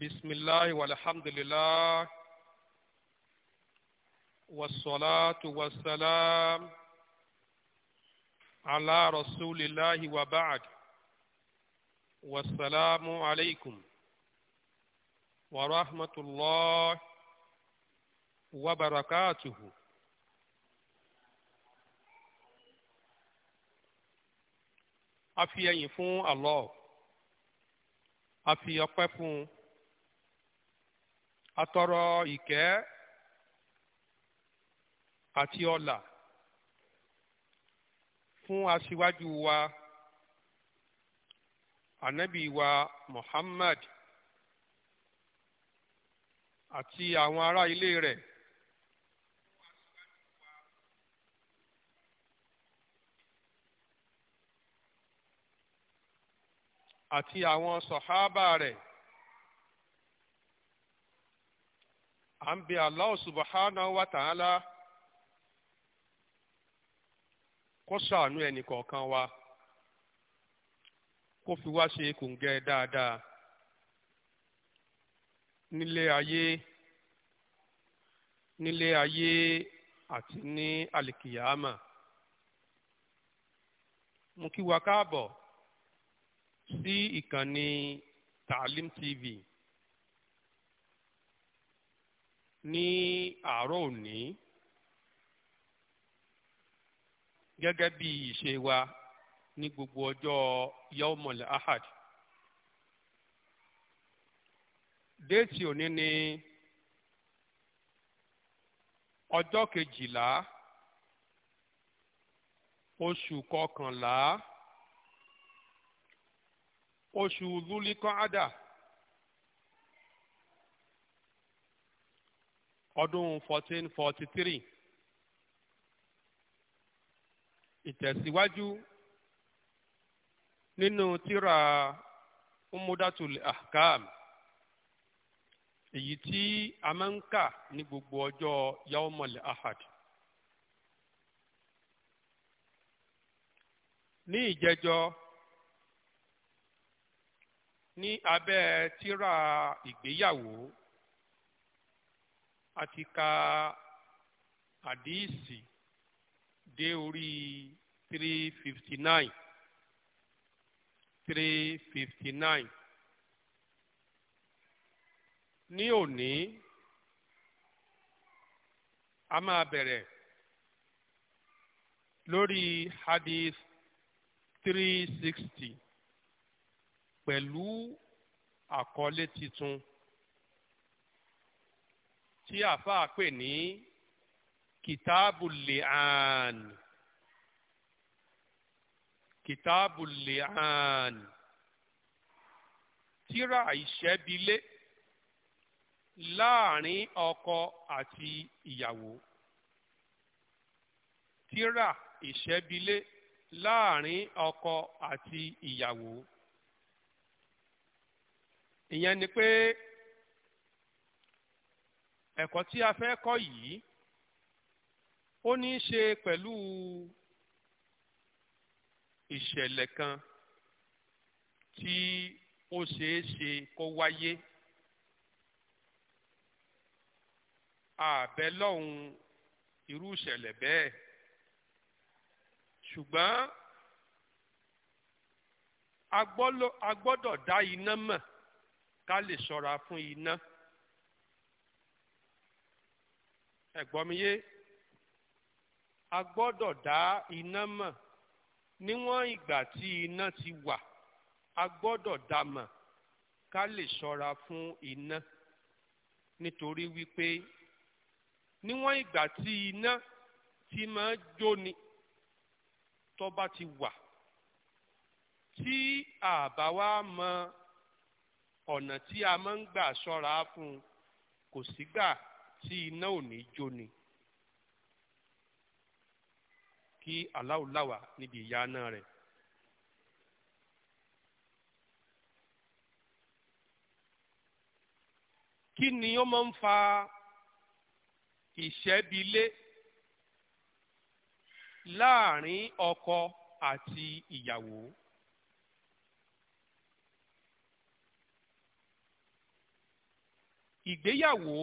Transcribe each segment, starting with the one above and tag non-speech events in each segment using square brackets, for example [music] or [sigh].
بسم الله والحمد لله والصلاة والسلام على رسول الله وبعد والسلام عليكم ورحمة الله وبركاته أفيا يفون الله أفيا يقفون atọrọ ìkẹ́ àti ọlà fún aṣíwájú wa ànábì wa Muhammad àti àwọn ará ilé rẹ̀. àti àwọn sọ̀hábà rẹ̀. à ń bẹ Allah subhanahu wa ta'ala kó ṣàánú ẹnì kọ̀ọ̀kan wa kó fi wá ṣe kòǹgẹ́ dáadáa nílé ayé nílé ayé àti ní àlìkìyàmà mo kí wa káàbọ̀ sí ìkànnì Taalim TV. ní àárọ̀ òní gẹ́gẹ́ bí ìṣe wa ní gbogbo ọjọ́ yaumul ahad déètì òní ni ọjọ́ kejìlá oṣù kọkànlá oṣù lulikọ́ádà. ọdún 1443, forty three ìtẹ̀síwájú nínú tírà umudatul ahkam èyí tí a máa ń kà ní gbogbo ọjọ́ yaumul ahad ní ìjẹjọ́ ní abẹ́ tírà ìgbéyàwó àti ka àdíìsì dé orí three fifty nine three fifty nine ní òní a máa bẹ̀rẹ̀ lórí hadith three sixty pẹ̀lú àkọlé titun tí àáfàá pè ní kìtàbùlẹ̀án kìtàbùlẹ̀án tírà ìṣẹ́bilé láàrin ọkọ àti ìyàwó tírà ìṣẹ́bilé láàrin ọkọ àti ìyàwó ìyẹn ni pé ẹ̀kọ́ tí a fẹ́ kọ́ yìí ó ní í ṣe pẹ̀lú ìṣẹ̀lẹ̀ kan tí ó ṣeé ṣe kó wáyé àbẹ lọ́hùn irú ìṣẹ̀lẹ̀ bẹ́ẹ̀ ṣùgbọ́n a gbọ́dọ̀ dá iná mọ̀ ká lè ṣọ́ra fún iná. ẹ̀gbọ́n mi yé a gbọ́dọ̀ dá iná mọ̀ níwọ̀n ìgbà tí iná ti wà a gbọ́dọ̀ dá mọ̀ ká lè ṣọ́ra fún iná nítorí wípé níwọ̀n ìgbà tí iná ti máa jóni tó ti wà tí àbá wa mọ ọ̀nà tí a máa ń gbà ṣọ́ra fún kò sígbà tí iná ò ní jó ni kí aláwòláwà níbi ìyá náà rẹ̀. kí ni ó máa ń fa ìṣẹ́bilé láàrin ọkọ àti ìyàwó. ìgbéyàwó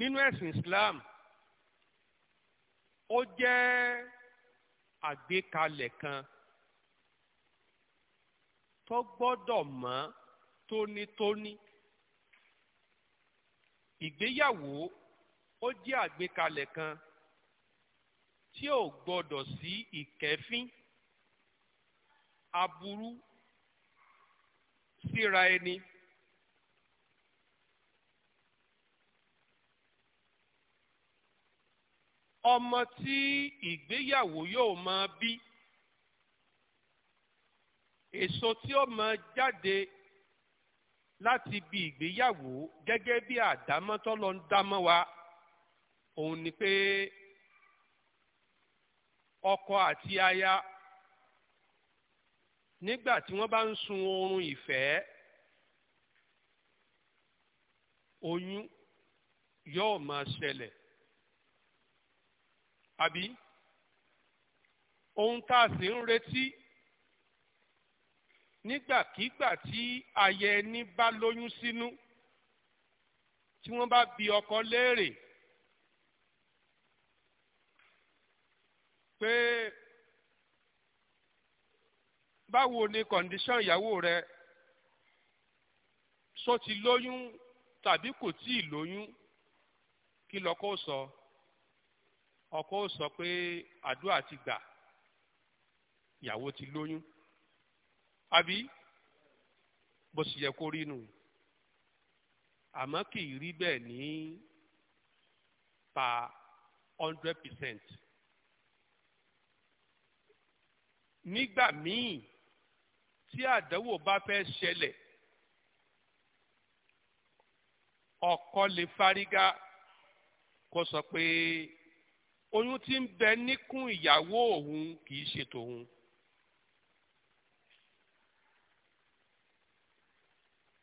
nínú ẹ̀sìn Islam ó jẹ́ àgbékalẹ̀ kan tó gbọ́dọ̀ mọ́ tónítóní ìgbéyàwó ó jẹ́ àgbékalẹ̀ kan tí ò gbọ́dọ̀ sí ìkẹ́fín aburú síra ẹni. ọmọ tí ìgbéyàwó yóò máa bí èso tí ó máa jáde láti bí ìgbéyàwó gẹ́gẹ́ bí àdámọ́ tọ́lọ́ ń dámọ́ wa òun ni pé ọkọ àti aya nígbà tí wọ́n bá ń sun oorun ìfẹ́ oyún yóò máa ṣẹlẹ̀ àbí ohun tá a sì ń retí nígbàkigbà tí aya ẹni bá lóyún sínú tí wọ́n bá bi ọkọ léèrè pé báwo ni kọ̀ǹdíṣàn ìyàwó rẹ ṣó ti lóyún tàbí kò tíì lóyún kí lọ́kọ́ sọ. So ọkọ ó sọ pé àdúrà ti gbà ìyàwó ti lóyún àbí bó sì yẹ kó rí nù àmọ́ kì í rí bẹ́ẹ̀ ní pa hundred percent nígbà míì tí àdánwò bá fẹ́ ṣẹlẹ̀ ọkọ lè fárígá kó sọ pé. oyún tí ń bẹ níkùn ìyàwó òun kì í ṣe tòun.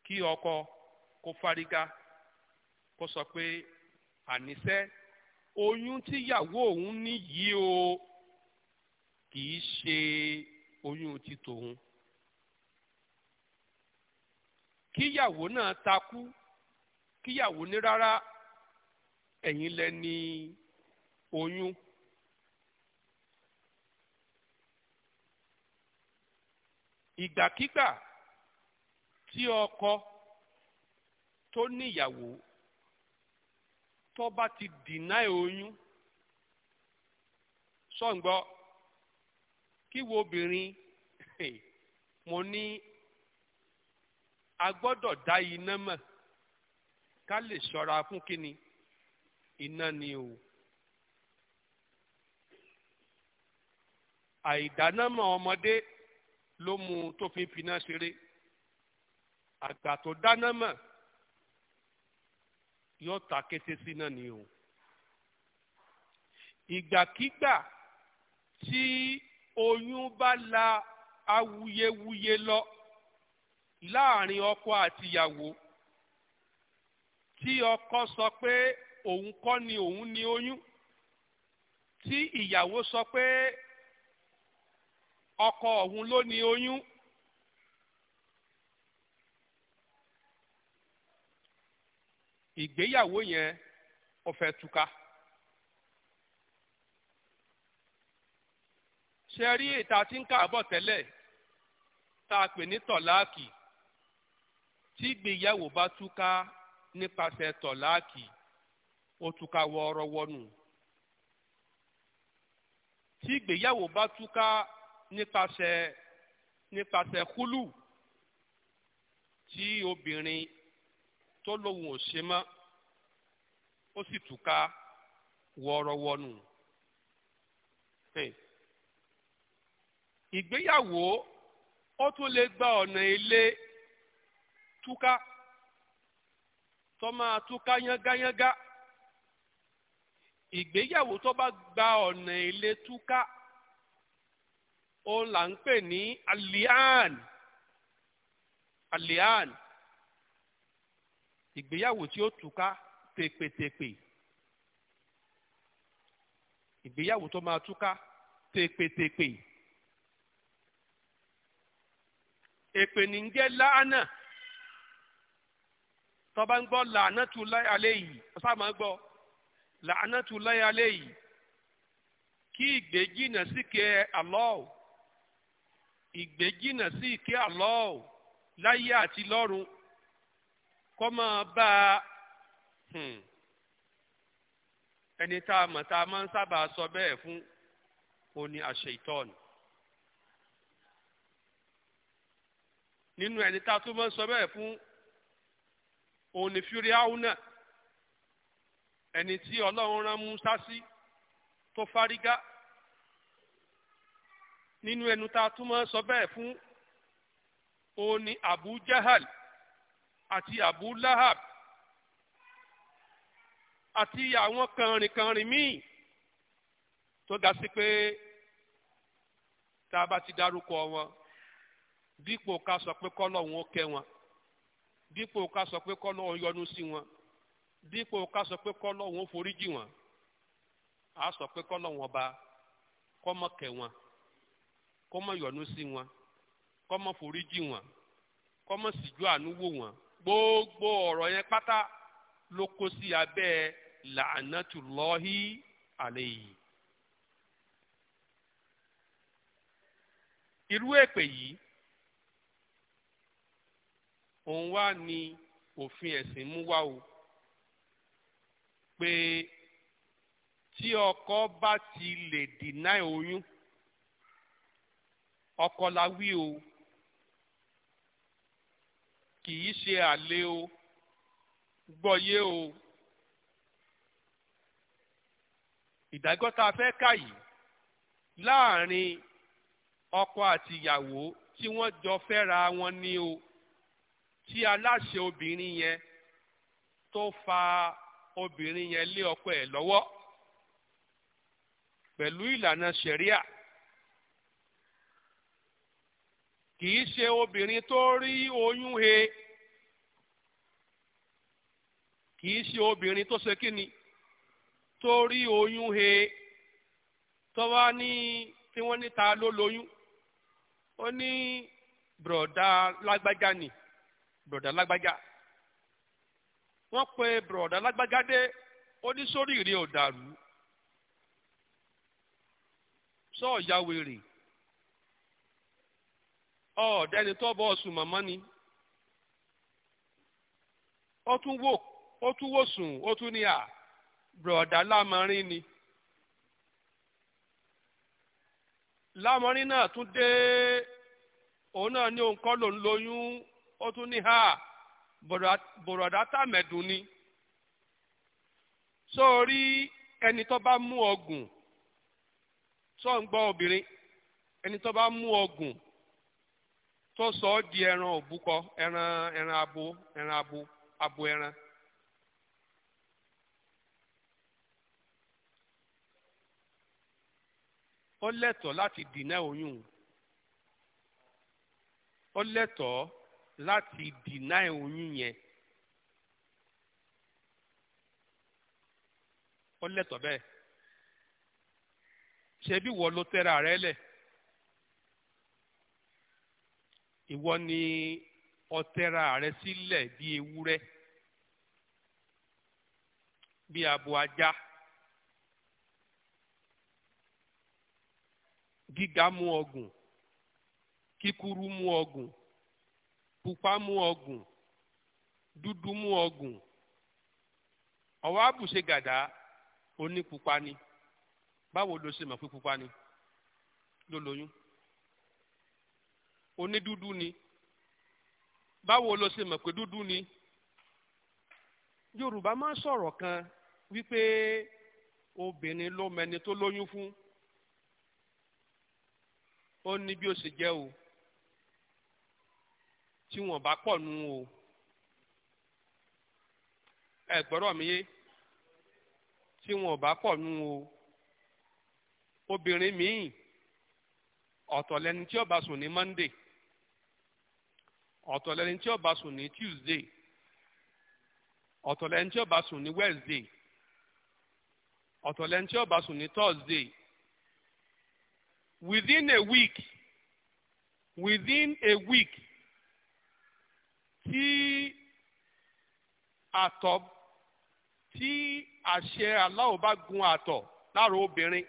kí ọkọ kó fariga kó sọ pé àníṣe oyún ìyàwó òun ní yìí o kì í ṣe oyún ti tòun. kíyàwó náà takú kíyàwó ní rárá ẹ̀yin lẹ́ni. oyún ìgbàkígbà tí ọkọ tó níyàwó tó bá ti dìnáì oyún sọ̀ǹgbọ́ kí wo obìnrin mo ní a gbọdọ dá iná mọ̀ ká lè ṣọ́ra fún kíni iná ni o. àìdánámọ̀ ọmọdé ló mú un tó fi finá ṣeré àgbà tó dánámọ̀ yóò ta kété sí náà ni o ìgbàkígbà tí oyún bá la awuyewuye lọ láàrin ọkọ àtìyàwó tí ọkọ sọ pé òun kọ́ ni òun ni oyún tí ìyàwó sọ pé ọkọ ọ̀hún ló ní oyún. ìgbéyàwó yẹn ó fẹ́ túká. ṣe rí ìta tí ń káàbọ̀ tẹ́lẹ̀ tá a pè ní tọ̀láàkì tí ìgbéyàwó bá túká nípasẹ̀ tọ̀láàkì ó túká wọ́ọ́rọ́wọ́ tí ìgbéyàwó bá túká nípasẹ̀ nípasẹ̀ kúlù tí obìnrin tó lóun ò ṣe mọ́ ó sì túká wọ́ọ́rọ́wọ́ nù. ìgbéyàwó ó tún lè gba ọ̀nà ilé túká tó máa túká yángayánga ìgbéyàwó tó bá gba ọ̀nà ilé túká ó là ń pè ní alian alian ìgbéyàwó tí ó túká tèpètèpè ìgbéyàwó tó máa túká tèpètèpè èpè ní ń jẹ́ láánà tọ́ba ń gbọ́ làánà tu láyé alẹ́ yìí ọ̀sá máa gbọ́ làánà tu láyé alẹ́ yìí kí ìgbé jìnnà síkẹ́ Allah ìgbéjìnà sí ìkẹ́ àlọ́ọ̀ láyé àti lọ́run kọ́ máa bá a hmm, ẹni tá a mọ̀ tá a máa ń sábà sọ bẹ́ẹ̀ fún o ní àṣẹ ìtọ́ni. nínú ẹni tá a tún máa ń sọ bẹ́ẹ̀ fún òun ni fúríáhùnà ẹni tí ọlọ́run rán Musa sí tó fárígá nínú ẹnu tá a tún máa sọ bẹ́ẹ̀ fún òun ni Abu Jahal àti Abu Lahab àti àwọn kànrìnkànrìn míì tó ga sí pé tá a bá ti dárúkọ wọn dípò ká sọ pé kọ́lọ́hún ó kẹ́ wọn dípò ká sọ pé kọ́lọ́hún yọ́nú sí wọn dípò ká sọ pé kọ́lọ́hún ó foríjì wọn a sọ pé kọ́lọ́hún ọba kọ́mọkẹ́ wọn kó má yọ́nú sí wọn kó má foríjì wọn kó má síjú àánú wò wọn gbogbo ọ̀rọ̀ yẹn pátá ló kó sí abẹ́ làánàtúlọ́hí àlẹ́ yìí. irú èpè yìí òun wá ní òfin ẹ̀sìn mú wá o pé tí ọkọ bá ti lè dìnáì oyún ọkọ la wí o kì í ṣe àlè o gbọ́yé o ìdájọ́ tá a fẹ́ kà yìí láàrin ọkọ àti ìyàwó tí wọ́n jọ fẹ́ra wọn ni o tí aláṣẹ obìnrin yẹn tó fa obìnrin yẹn lé ọkọ ẹ̀ lọ́wọ́ pẹ̀lú ìlànà ṣẹ̀ríà. kì í ṣe obìnrin tó rí oyún he kì í ṣe obìnrin tó ṣe kíni tó rí oyún he tó wá ní tí wọ́n níta ló lóyún ó ní bùrọ̀dá lágbájá ni bùrọ̀dá lágbájá wọ́n pe bùrọ̀dá lágbájá dé ó ní sórí ìrè ọ̀dàrú sọ ọ̀yà wèrè ọ̀ọ́dẹ́ni tó bọ́ sùn màmá ni ó tún wò ó tún wò sùn ó tún ní a bùrọ̀dá lámarin ni lámarin náà tún dé òun náà ní òun kọ́ lòun lóyún ó tún ní hà bùrọ̀dá tàmẹ̀dùn ni so ẹni tó bá mú ọgùn sọ̀ ń gbọ́ obìnrin ẹni tó bá mú ọgùn. So, tó sọ ọ́ di ẹran òbúkọ ẹran ẹran abo ẹran abo abo ẹran. ó lẹ́tọ̀ọ́ láti dìnà oyún ó lẹ́tọ̀ọ́ láti dìnà oyún yẹn ó lẹ́tọ̀ọ́ bẹ́ẹ̀ ṣebí wọ́n ló tẹ́ra rẹ lẹ̀. ìwọ ni ọtẹra rẹ sílẹ̀ bí ewúrẹ́ bí abo ajá gíga mú ọgùn kíkúrú mú ọgùn pupa mú ọgùn dúdú mú ọgùn ọwọ́ àbùṣe gàdá onípupa ni báwo ló ṣe mọ̀ pé pupa ni ló lóyún onídúdú ni báwo lo ṣe mọ̀ pé dúdú ni Yorùbá máa sọ̀rọ̀ kan wípé obìnrin ló mẹni tó lóyún fún ó ní bí ó ṣe jẹ́ o tí wọ́n bá pọ̀ nù o ẹ gbọ́dọ̀ mi yé tí wọ́n bá pọ̀ nù o obìnrin míì ọ̀tọ̀ lẹni tí ó bá sùn ní Monday ọ̀tọ̀ lẹni tí ó sùn ní Tuesday ọ̀tọ̀ lẹni tí ó sùn ní Wednesday ọ̀tọ̀ lẹni tí ó sùn ní Thursday within a week within a week tí àtọ̀ tí àṣẹ aláwo bá gun àtọ̀ lára obìnrin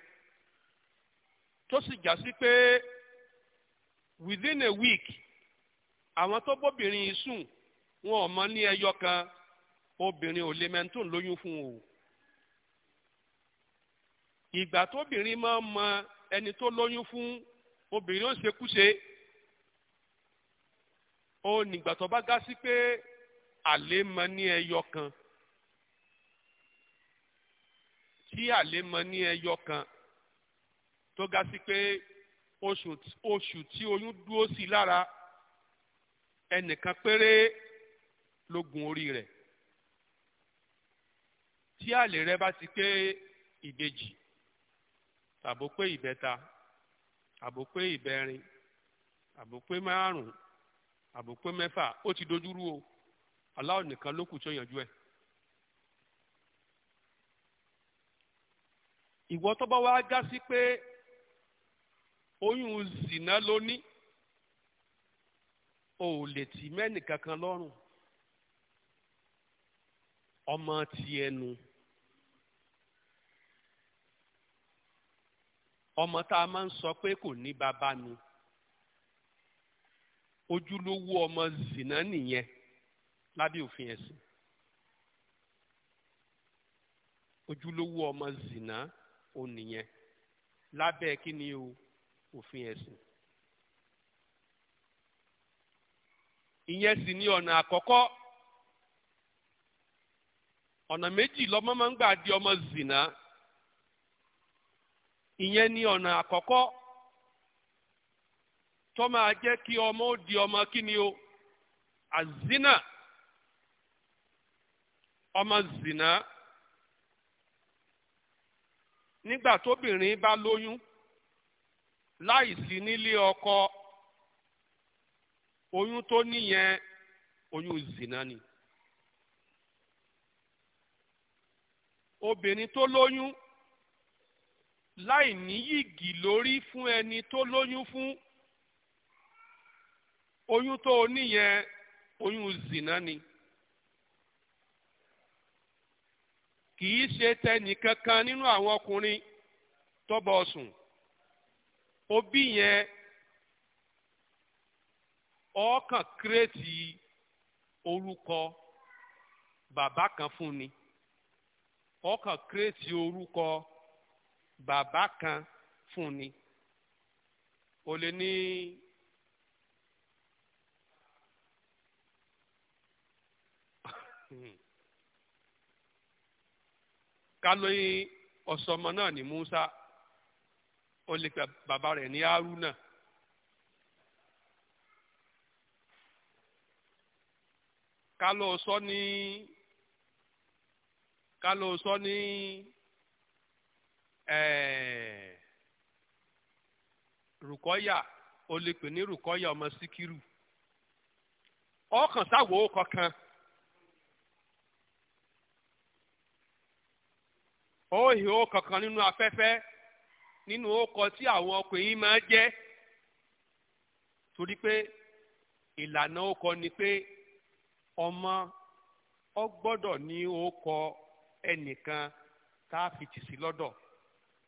tó sì já sí pé within a week àwọn tó bóbìnrin yìí sùn wọn ò mọ ní ẹyọ kan obìnrin ò lè mẹ́ntún lóyún fún o ìgbà tóbìnrin máa ń mọ ẹni tó lóyún fún obìnrin ó ṣekúṣe ó nígbà tó bá gá sí pé àlè mọ ní ẹyọ kan tí àlè mọ ní ẹyọ kan tó gá pé oṣù tí oyún dúró sí lára. ẹnìkan péré ló gun orí rẹ̀ tí àlè rẹ̀ bá ti pé ìbejì tàbó pé ìbẹta àbò pé ìbẹrin àbò pé márùn àbò pé mẹ́fà ó ti dojúrú o aláwọ̀ nìkan ló kù tí ó yanjú ẹ̀. ìwọ tó bá wá já sí pé oyún zìnà ló o ò lè tì mẹ́nì kankan lọ́rùn ọmọ ti ẹnu ọmọ tá a máa ń sọ pé kò ní bàbá nu ojúlówó ọmọ zìnà nìyẹn lábẹ́ òfin ẹ̀sìn ojúlówó ọmọ zìnà ò nìyẹn lábẹ́ kí ni o òfin ẹ̀sìn. ìyẹn sì ni ọ̀nà àkọ́kọ́ ọ̀nà méjì lọ́mọ máa ń gbà di ọmọ zìnà ìyẹn ni ọ̀nà àkọ́kọ́ tó máa jẹ́ kí ọmọ ó di ọmọ kí ni o àzínà ọmọ zìnà nígbà tóbìnrin bá lóyún láìsí nílé ọkọ oyún tó níyẹn oyún zina obìnrin tó lóyún láì ní gì lórí fún ẹni tó lóyún fún oyún tó níyẹn oyún zina ni kì í ṣe tẹnì kankan nínú àwọn ọkùnrin tọbọ sùn òbí yẹn ọ̀ọ́kàn kírètì orúkọ bàbá kan fún ni ọ̀ọ́kàn kírètì orúkọ bàbá kan fún ni o lè ní [laughs] kálóyìn ọ̀sọ́mọ náà ní Musa o lè pe bàbá rẹ̀ ní Haruna. ká ló sọ ní ká ló sọ ní o eh, lè pè ní rùkọ́yà ọmọ síkírù ọkàn sáwò kankan ó hì ó kankan nínú afẹ́fẹ́ nínú ọkọ̀ tí àwọn ọkùnrin máa jẹ́ torí pé ìlànà ọkọ̀ ni pé ọmọ ọ gbọdọ ní kọ ẹnìkan tá a fi tì sí lọ́dọ̀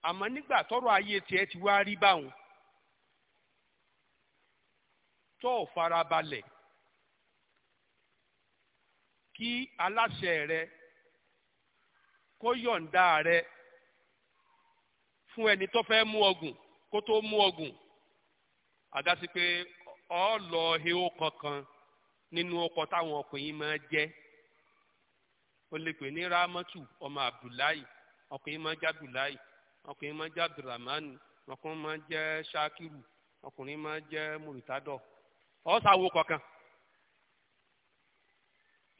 àmọ nígbà tọ́rọ̀ ayé tiẹ̀ ti wá rí báwọn tó o farabalẹ̀ kí aláṣẹ rẹ kó yọ̀ǹda rẹ fún ẹni tó fẹ́ mú ọgùn kó tó mú ọgùn àdásí pé ọ lọ heo kankan nínú ọkọ táwọn ọkùnrin máa jẹ o lè pè ní ramatu ọmọ abdullahi ọkùnrin máa jẹ́ abdullahi ọkùnrin máa jẹ́ ma ọkùnrin máa jẹ́ shakiru ọkùnrin máa jẹ muritadọ ọ̀sàwò kọ̀ọ̀kan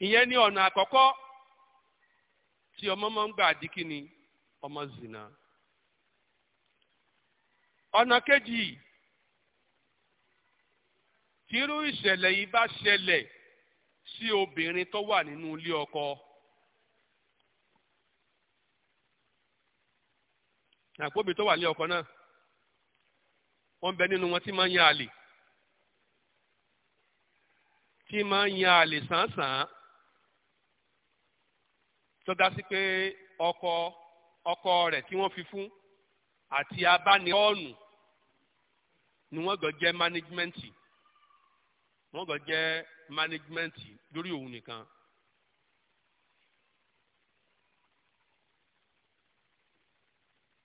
ìyẹn ní ọ̀nà àkọ́kọ́ tí ọmọ máa ń gbà ọmọ zina ọ̀nà kejì tírú ìṣẹ̀lẹ̀ yìí bá ṣẹlẹ̀ sí obìnrin tó wà nínú ilé ọkọ àpòbí tó wà ní ọkọ náà wọ́n bẹ nínú wọn tí máa ń yan àlè tí máa ń yan àlè sàǹsàn tó dá sí pé ọkọ ọkọ rẹ̀ tí wọ́n fi fún àti abániọ́ọ̀nù ni wọ́n gbọ́ jẹ́ mánéjìmẹ́ǹtì wọ́n kàn jẹ́ management lórí òun nìkan.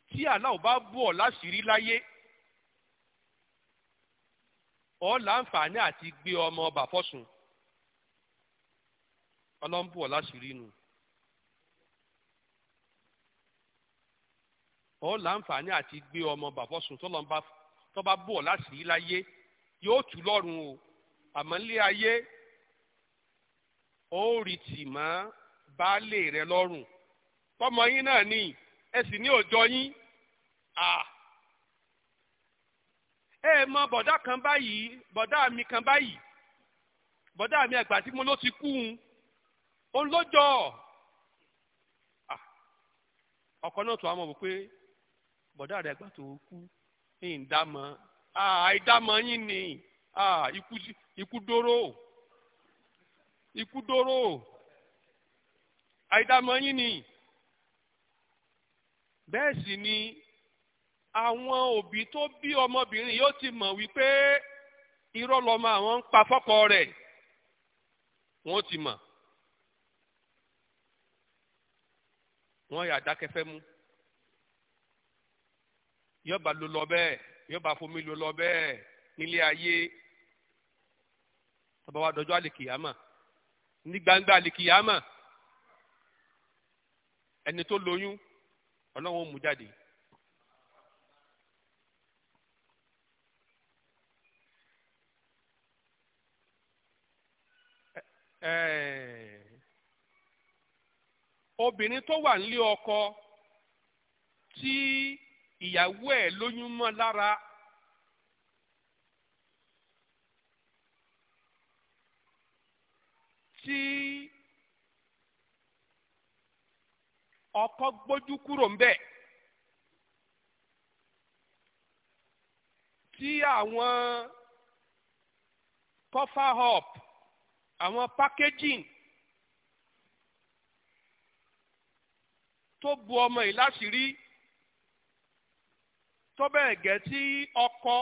tí aláwọ̀ bá bù ọ́ láṣìírí láyé ọ́ láǹfààní àti gbé ọmọ ọba fọ́sùn ọlọ́run bù ọ́ láṣìírí nù. ọ́ láǹfààní àti gbé ọmọ ọba fọ́sùn tó bá bù ọ́ láṣìírí láyé yóò tù lọ́rùn o àmọ́ nílé ayé ó rì tì mọ́ baálé rẹ lọ́rùn tọmọ yín náà ni ẹ sì ní òjọ yín ẹ mọ bọ̀dá kan báyìí bọ̀dá mi kan báyìí bọ̀dá mi àgbà tí mo ló ti kú un òun lọ́jọ́ ọkọ náà tó àwọn ọmọ pé bọ̀dá rẹ̀ àgbà tó kú ní ìdámọ̀ àìdámọ̀ yín ni ah iku, iku doro, iku doro. àìdámọ̀ yín ni bẹ́ẹ̀ sì ni àwọn òbí tó bí ọmọbìnrin yóò ti mọ̀ wípé irọ́ lọ́mọ àwọn ń pa fọ́kọ rẹ̀ wọ́n ti mọ̀ wọ́n yà dákẹ́fẹ́ mú yọba ló lọ bẹ́ẹ̀ yọba fomi ló lọ bẹ́ẹ̀ nílé ayé tọba wa dọjọ alikiyama ní gbangba alikiyama ẹni tó lóyún ọlọ́wọ́n mú jáde. obìnrin tó wà nílé ọkọ tí ìyàwó ẹ lóyún mọ lára tí ọkọ gbójú kúrò ń bẹ̀ tí àwọn cover up àwọn packaging tó bu ọmọ yìí láṣìírí tó bẹ́ẹ̀ gẹ́ tí ọkọ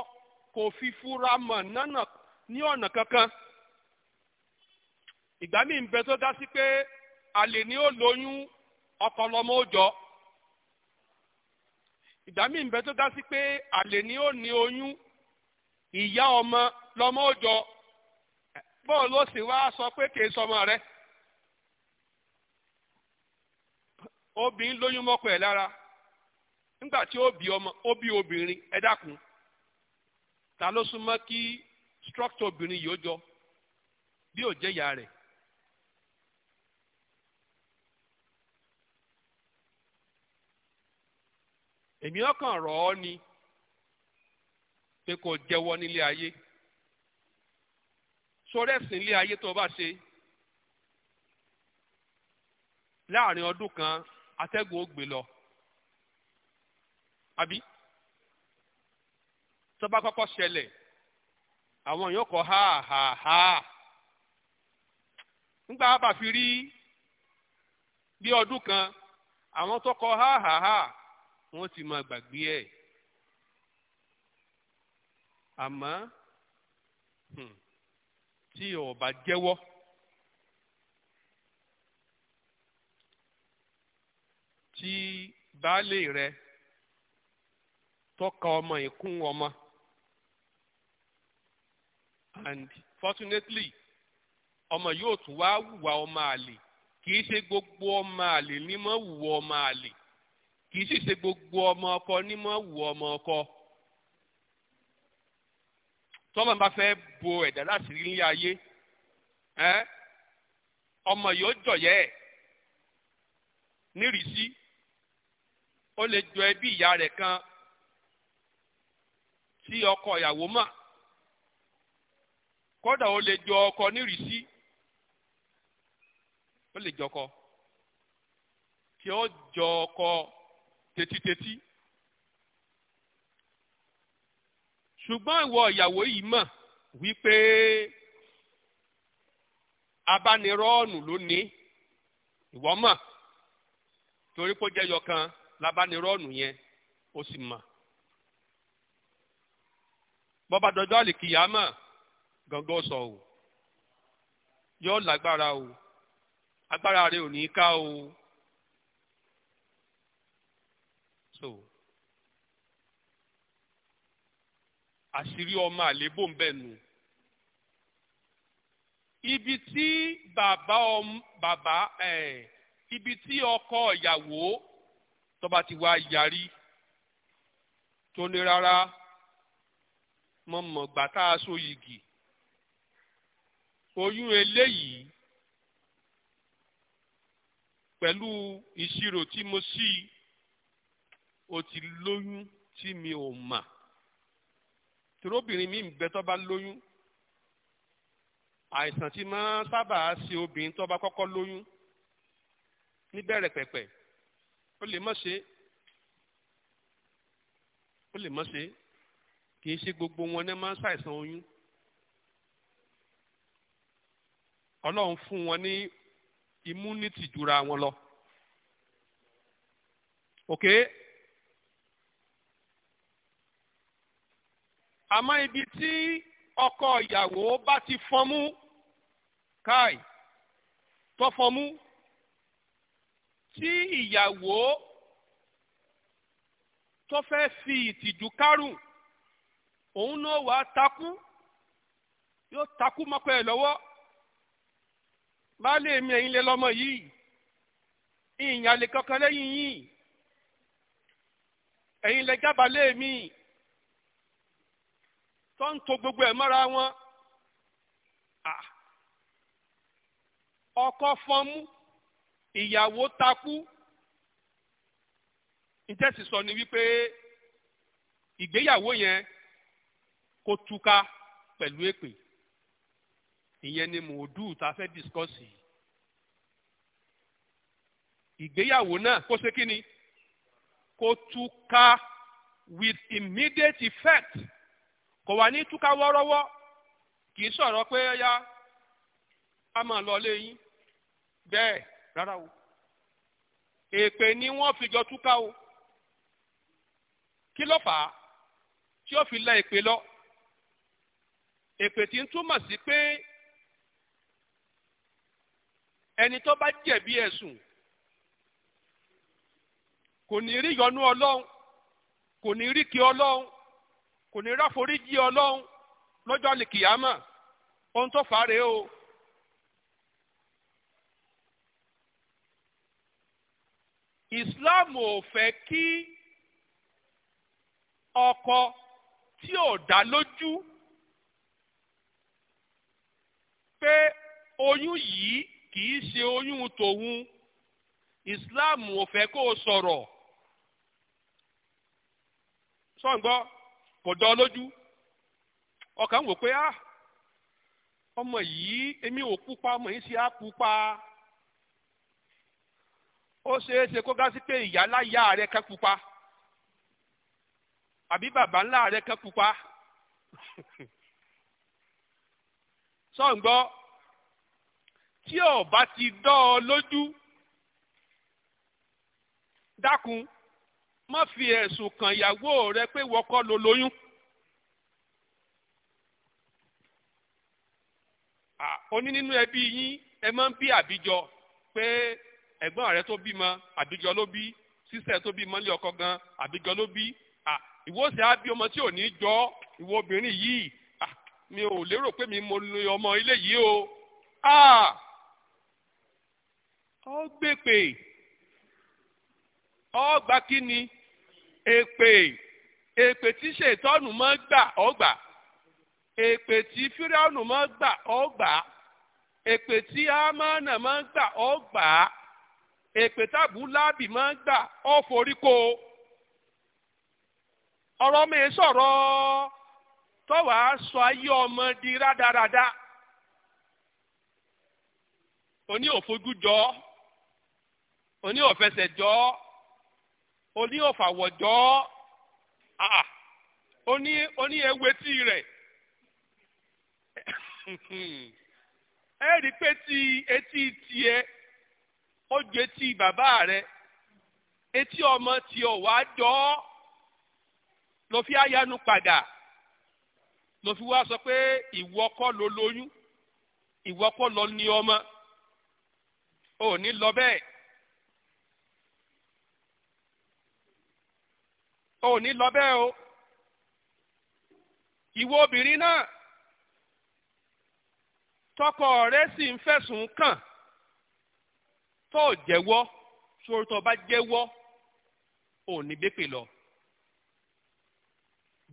kò fi fura mọ̀ nánà ní ọ̀nà kankan. ìgbà míì ń bẹ tó dá sí pé àlè ni ó lóyún ó jọ ìgbà míì ń bẹ tó dá sí pé ni ó ní oyún ìyá ọmọ lọmọ ó jọ ló wá sọ pé kì sọmọ rẹ obìnrin lóyún mọ́kọ ẹ̀ lára nígbà tí ẹ dákun ta ló súnmọ́ kí structure jọ bí ò jẹ́ ìyá rẹ̀ èmi ọkàn rọ̀ ọ́ ni pé kò jẹ́wọ́ nílé ayé sọ́rẹ́sìn ilé ayé tó o bá ṣe láàrin ọdún kan atẹ́gùn ó gbé lọ àbí tó bá kọ́kọ́ ṣẹlẹ̀ àwọn yóò kọ́ ha ha ha nígbà bá fi rí bí ọdún kan àwọn tó kọ́ ha ha ha wọ́n ti máa gbàgbé ẹ̀ àmọ́ hmm, tí o bá jẹ́wọ́ tí baálé rẹ tọ́ka ọmọ ìkún ọmọ and fortunately ọmọ yóò tún wá wùwà ọmọ àlè kì í ṣe gbogbo ọmọ àlè ni mo wùwà ọmọ àlè kì í sì ṣe gbogbo ọmọ ọkọ ní mọ́ wù ọmọ ọkọ tọ́mọ bá fẹ́ bo ẹ̀dá láti rí ilé ayé ọmọ yóò jọ̀yẹ́ ẹ̀ nírìísí ó lè jọ ẹbí ìyá rẹ̀ kan tí ọkọ ìyàwó mà kódà ó lè jọ ọkọ nírìísí ó lè jọkọ tí ó jọ ọkọ. tètítètí ṣùgbọ́n ìwọ ìyàwó yìí mọ̀ wípé abánirọ́ọ̀nù ló ní ìwọ mọ̀ torí kó jẹyọ kan lábánirọ́ọ̀nù yẹn ó sì mọ̀ bọ́ba dọjọ́ gangan sọ o yóò lágbára o agbára rẹ ò ní ká o. so àṣírí ọmọ àlébò ń bẹ̀ nù ibi tí bàbá bàbá ẹ̀ ibi tí ọkọ ìyàwó tó bá ti wá yarí tó ní rárá mo mọ̀ gbà tá a so yìgì oyún eléyìí pẹ̀lú ìṣirò tí mo sí i o ti lóyún tí mi ò mà torobìnrin mi ń bẹ tó bá lóyún àìsàn tí máa sábà ṣe obìnrin tó bá kọ́kọ́ lóyún níbẹ̀rẹ̀ pẹ̀pẹ̀ ó lè má ṣe ó lè má ṣe kì í ṣe gbogbo wọn ní máa ṣàìsàn oyún ọlọ́run fún wọn ní immunity jura wọn lọ. Okay? àmọ́ ibi tí ọkọ ìyàwó bá ti fọnmú káì tó fọnmú tí ìyàwó tó fẹ́ fi ìtìjú kárùn òun náà wàá takú yóò takú mọ́kọ ẹ̀ lọ́wọ́ baálé mi ẹ̀yin lé lọ́mọ yìí ìyìn kankan lẹ́yìn yìí ẹ̀yin lẹ jábàálé mi tó ń to gbogbo ẹ̀ mọ́ra wọn ah. ọkọ fọ́nmú ìyàwó takú ìjẹ́sì sọ ni wípé ìgbéyàwó yẹn kó túká pẹ̀lú èpè ìyẹn ni mòódù tá a fẹ́ dìskọ́sì ìgbéyàwó náà kó ṣe kí ni kó túká with immediate effect kò wá ní túká wọ́rọ́wọ́ kì í sọ̀rọ̀ pé ẹ̀yà a máa lọ lé yín bẹ́ẹ̀ rárá o èpè ni wọ́n fi jọ túká o kí ló fà á tí ó fi la èpè lọ èpè tí ń túmọ̀ sí pé ẹni tó bá jẹ̀bi ẹ̀sùn kò ní rí yọ́nú ọlọ́run kò ní rí kí ọlọ́run kò ní ráforíjì ọlọ́run lọ́jọ́ lìkìyàmà ohun tó fà á rèé o. Islam ò fẹ́ kí ọkọ tí ò dá lójú pé oyún yìí kì í ṣe oyún tòun Islam ò fẹ́ kó o sọ̀rọ̀ sọ̀ǹgbọ́n. So, kò dán lójú ọkàn wò pé ah ọmọ yìí èmi ò pupa ọmọ yìí sì á pupa ó ṣeé ṣe kó gá sí pé ìyá láyà rẹ kan pupa àbí bàbá ńlá rẹ kan pupa sọ̀ǹgbọ́ [laughs] tí ò ti dán ọ lójú dákun má fi ẹ̀sùn kàn ìyàwó rẹ pé wọ́kọ́ ló lóyún. oní nínú ẹbí yín ẹ máa ń bí àbíjọ pé ẹ̀gbọ́n rẹ tó bímọ àbíjọ ló bí sísẹ̀ tó bímọ lé ọkọ gan àbíjọ ló bí ìwọ́sẹ̀ á bí ọmọ tí ò ní jọ ìwọ obìnrin yìí mi ò lérò pé mi mo lo ọmọ ilé yìí o ó gbèpè. ọgbà kí ni èpè èpè tí ṣètọ́nù mọ́ gbà ọgbà èpè tí fíráùnù mọ́ gbà ọgbà èpè tí amánà mọ́ gbà ọgbà èpè tábù lábì mọ́ gbà ọ̀foríkó ọ̀rọ̀ mi sọ̀rọ̀ tọ́wàá sọ ayé ọmọ di rádaràda oní òfojújọ́ oní òfẹsẹ̀jọ́. oní òfàwọ̀jọ́ oní ah, oní ewetí rẹ̀ ẹ rí pé tí etí tiẹ̀ ó ju etí bàbá rẹ̀ etí ọmọ tiẹ̀ ò wá jọ ọ́ ló fi àyánu padà ló fi wá sọ pé ìwọ kọ́ ló lóyún ìwọ kọ́ ló ní ọmọ ò ní lọ bẹ́ẹ̀. ò ní lọ bẹ́ẹ̀ o ìwọ obìnrin náà tọkọ rẹ sì ń fẹ̀sùn kàn tó jẹ́wọ́ sórí tó bá jẹ́wọ́ ò ní bẹ́pẹ̀ lọ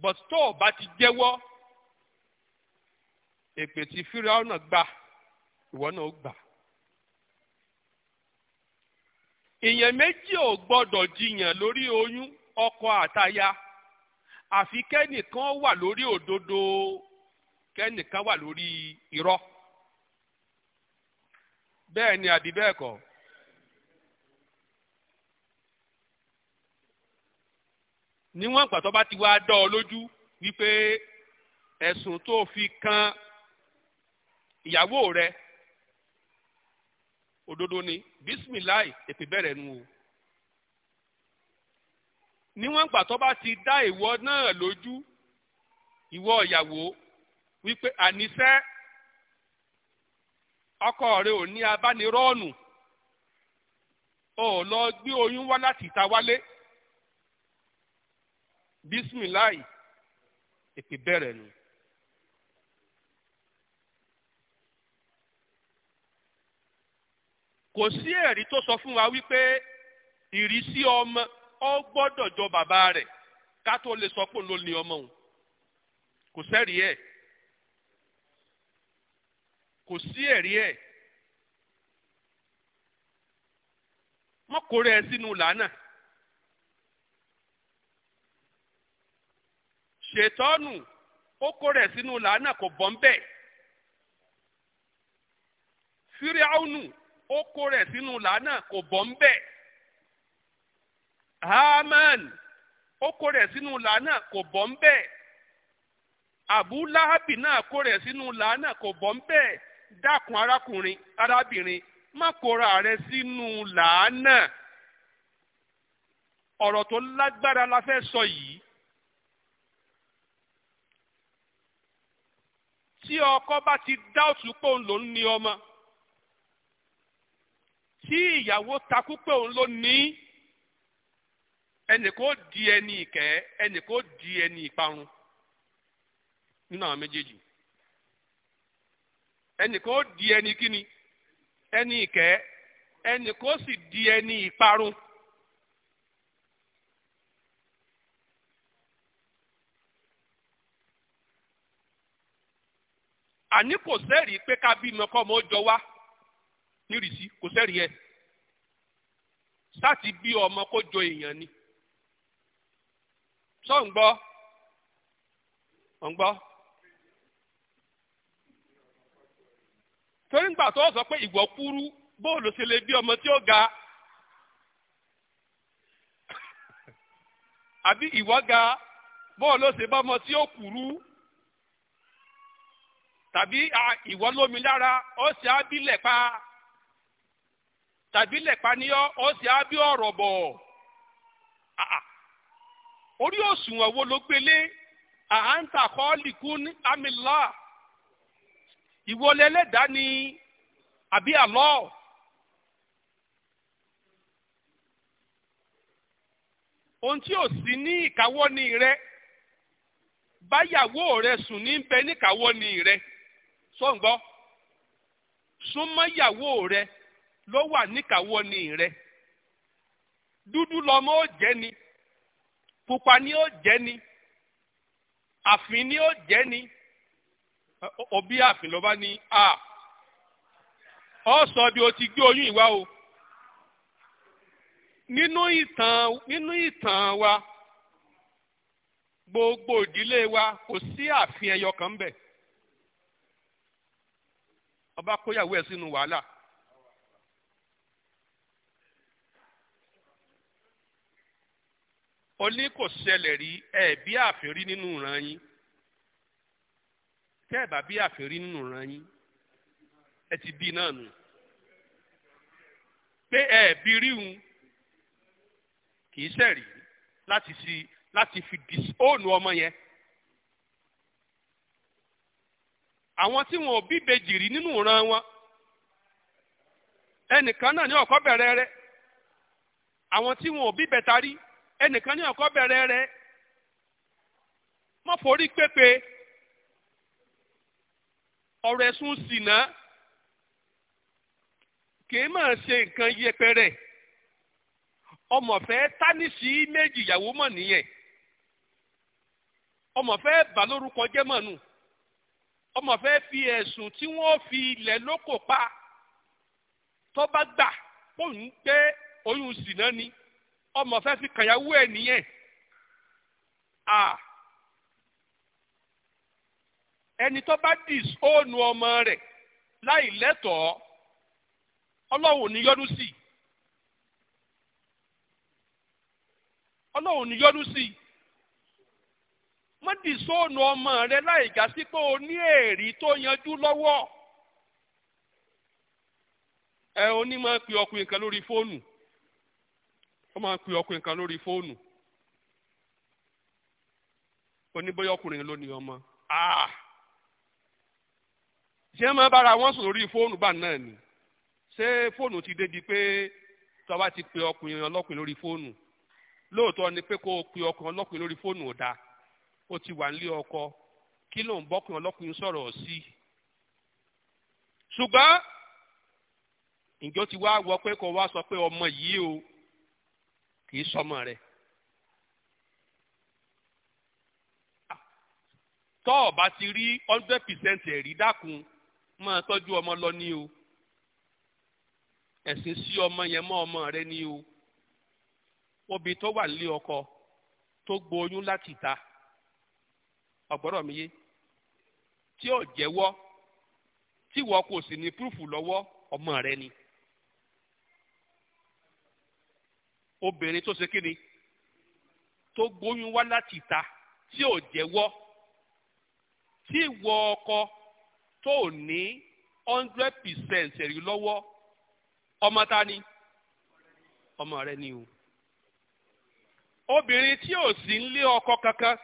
but tó o bá ti jẹ́wọ́ èpè tí fíra ọ̀nà gbà ìwọ náà gbà. èèyàn méjì ò gbọ́dọ̀ jiyàn lórí oyún ọkọ àtaya àfi kẹ́nìkan wà lórí òdodo kẹ́nìkan wà lórí irọ́ bẹ́ẹ̀ ni àbí bẹ́ẹ̀ kọ́. níwọ̀n ìgbà tó bá ti wá dá ọ lójú wípé ẹ̀sùn tó fi kan ìyàwó rẹ òdodo ni bísímìláì èpè bẹ̀rẹ̀ nu o. níwọ̀n gbà tó bá ti dá ìwọ náà lójú ìwọ ìyàwó wípé àníṣe ọkọ rẹ ò ní abánirọ́ọ̀nù ò lọ gbé oyún wá láti ìta wálé bisimilayi èpè bẹ̀rẹ̀ nù. kò sí ẹ̀rí tó sọ fún wa wípé ìrísí ọmọ. ọ gbọdọ jọ bàbá rẹ̀ ká tó lè sọ pé ló ọmọ òun kò sẹ́rìí ẹ kò sí ẹ̀rí ẹ̀ ẹ sínú làánà ṣètọ́nù ó kórè ẹ sínú làánà kò bọ́ ń kò bọ́ bẹ̀. haman ó kó rẹ̀ sínú ìlà náà kò bọ́ ń bẹ́ẹ̀ àbú láhábì náà kó rẹ̀ sínú ìlà náà kò bọ́ ń bẹ́ẹ̀ dákun arákùnrin arábìnrin má kóra rẹ̀ sínú ìlà náà ọ̀rọ̀ tó lágbára la fẹ́ sọ yìí. tí ọkọ bá ti dá òtú pé òun ló ń ní ọmọ tí ìyàwó takú pé òun ló ní ẹnìkan ó di ẹni ìkẹ́ ẹnìkan ó di ẹni ìparun nínú àwọn méjèèjì ẹnìkan ó di ẹni kíni ẹni ìkẹ́ ẹnìkan ó sì di ẹni ìparun. àní kò sẹ́rìí pé ká bímọ kọ́ ọmọ jọ wá nírìsí kò sẹ́rìí ẹ̀ sáà ti bí ọmọ kó jọ èèyàn ni. sọ ngbọ ngbọ ọ̀ ń gbọ́ torí ngbà gbà tó sọ pé ìwọ kúrú bóòlù sì lè bí ọmọ tí ó ga àbí ìwọ ga bóòlù sì bá ọmọ tí ó kúrú tàbí ìwọ lómi lára ó sì á bí lẹ̀pa tàbí ni ó sì á ọ̀rọ̀ bọ̀. orí òṣùwọ̀n wo ló gbélé àhántà kọ́ọ̀lìkún amílá ìwọlé ẹlẹ́dàá ni àbí àlọ́. ohun tí ò sí ní ìkáwọ́ ní rẹ báyàwó rẹ sùn ní bẹ níkàwọ́ ni rẹ sọ ń gbọ́ súnmọ́yàwó rẹ ló wà níkàwọ́ ní rẹ dúdú lọmọ ó jẹ́ ni pupa ni ó jẹ́ ni àfin ni ó jẹ́ ni òbí àfin ló bá ní a ọ sọ bí o ti gbé oyún ìwá o nínú ìtàn nínú ìtàn wa gbogbo ìdílé wa kò sí àfin ẹyọ kan bẹ ọba kóyàwó ẹ sínú wàhálà ó ní kò ṣẹlẹ̀ rí bí àfẹ́rí nínú ìran yín tẹ́ bí àfẹ́rí nínú ìran yín ẹ ti bí náà nù pé ẹ bí ríhun kì í láti láti fi ọmọ yẹn àwọn tí wọn ò bí rí nínú ìran wọn ẹnìkan náà ní ọkọ àwọn tí wọn ẹnìkan ní ọ̀kọ́ bẹ̀rẹ̀ rẹ̀ mọ́ forí pépè ọ̀rọ̀ ẹ̀sùn ṣìnà kìí máa ṣe nǹkan yẹpẹrẹ ọmọfẹ́ tánìsì méjì ìyàwó mọ̀ nìyẹn ọmọfẹ́ bà lórúkọ jẹ́ mọ̀ nù ọmọfẹ́ fi ẹ̀sùn tí wọ́n fi ilẹ̀ lóko pa tó gbà kó ń gbé oyún ṣìnà ni ọmọ fẹ́ fi kàyàwó ẹ̀ nìyẹn à ẹni tó bá disown ọmọ rẹ̀ láì lẹ́tọ̀ọ́ ọlọ́run ò ní yọ́nú sí i ọlọ́run ò ní yọ́nú sí i má disown ọmọ rẹ láì gà sí pé o ní èrì tó yanjú lọ́wọ́ ẹ onímọ̀ pe ọkùnrin kan lórí fóònù wọ́n máa ń pe ọkùnrin kan lórí fóònù oníbóyá ọkùnrin ló ní ọmọ ah! ṣé máa bára wọn sùn lórí fóònù bá náà ni ṣé fóònù ti débi pé tọ́ba ti pe ọkùnrin ọlọ́kùnrin lórí fóònù lóòótọ́ ni pé kó o pe ọkùnrin ọlọ́kùnrin lórí fóònù ò dáa ó ti wà nílé ọkọ kí ló ń bọ́kùnrin ọlọ́kùnrin sọ̀rọ̀ sí i ṣùgbọ́n ǹjọ́ ti wá wọ pé kó wá sọ pé ọmọ yìí o kì í sọmọ rẹ̀ tọ́ ọ bá ti rí hundred percent ẹ̀rí dákun máa tọ́jú ọmọ lọ ní o ẹ̀sìn sí ọmọ yẹn mọ́ ọmọ rẹ ní o obì tó wà nílé ọkọ tó gboyún láti ta ọ̀gbọ́dọ̀ mi yé tí ò jẹ́wọ́ tí wọ́n kò sì ní púrúfù lọ́wọ́ ọmọ rẹ ni. obìnrin tó ṣe tó gbóyún wá láti ìta tí ò jẹ́wọ́ tí ìwọ ọkọ tó ní hundred percent ẹ̀rí lọ́wọ́ ọmọ ta ni ọmọ rẹ ni o obìnrin tí ò sí nílé ọkọ kankan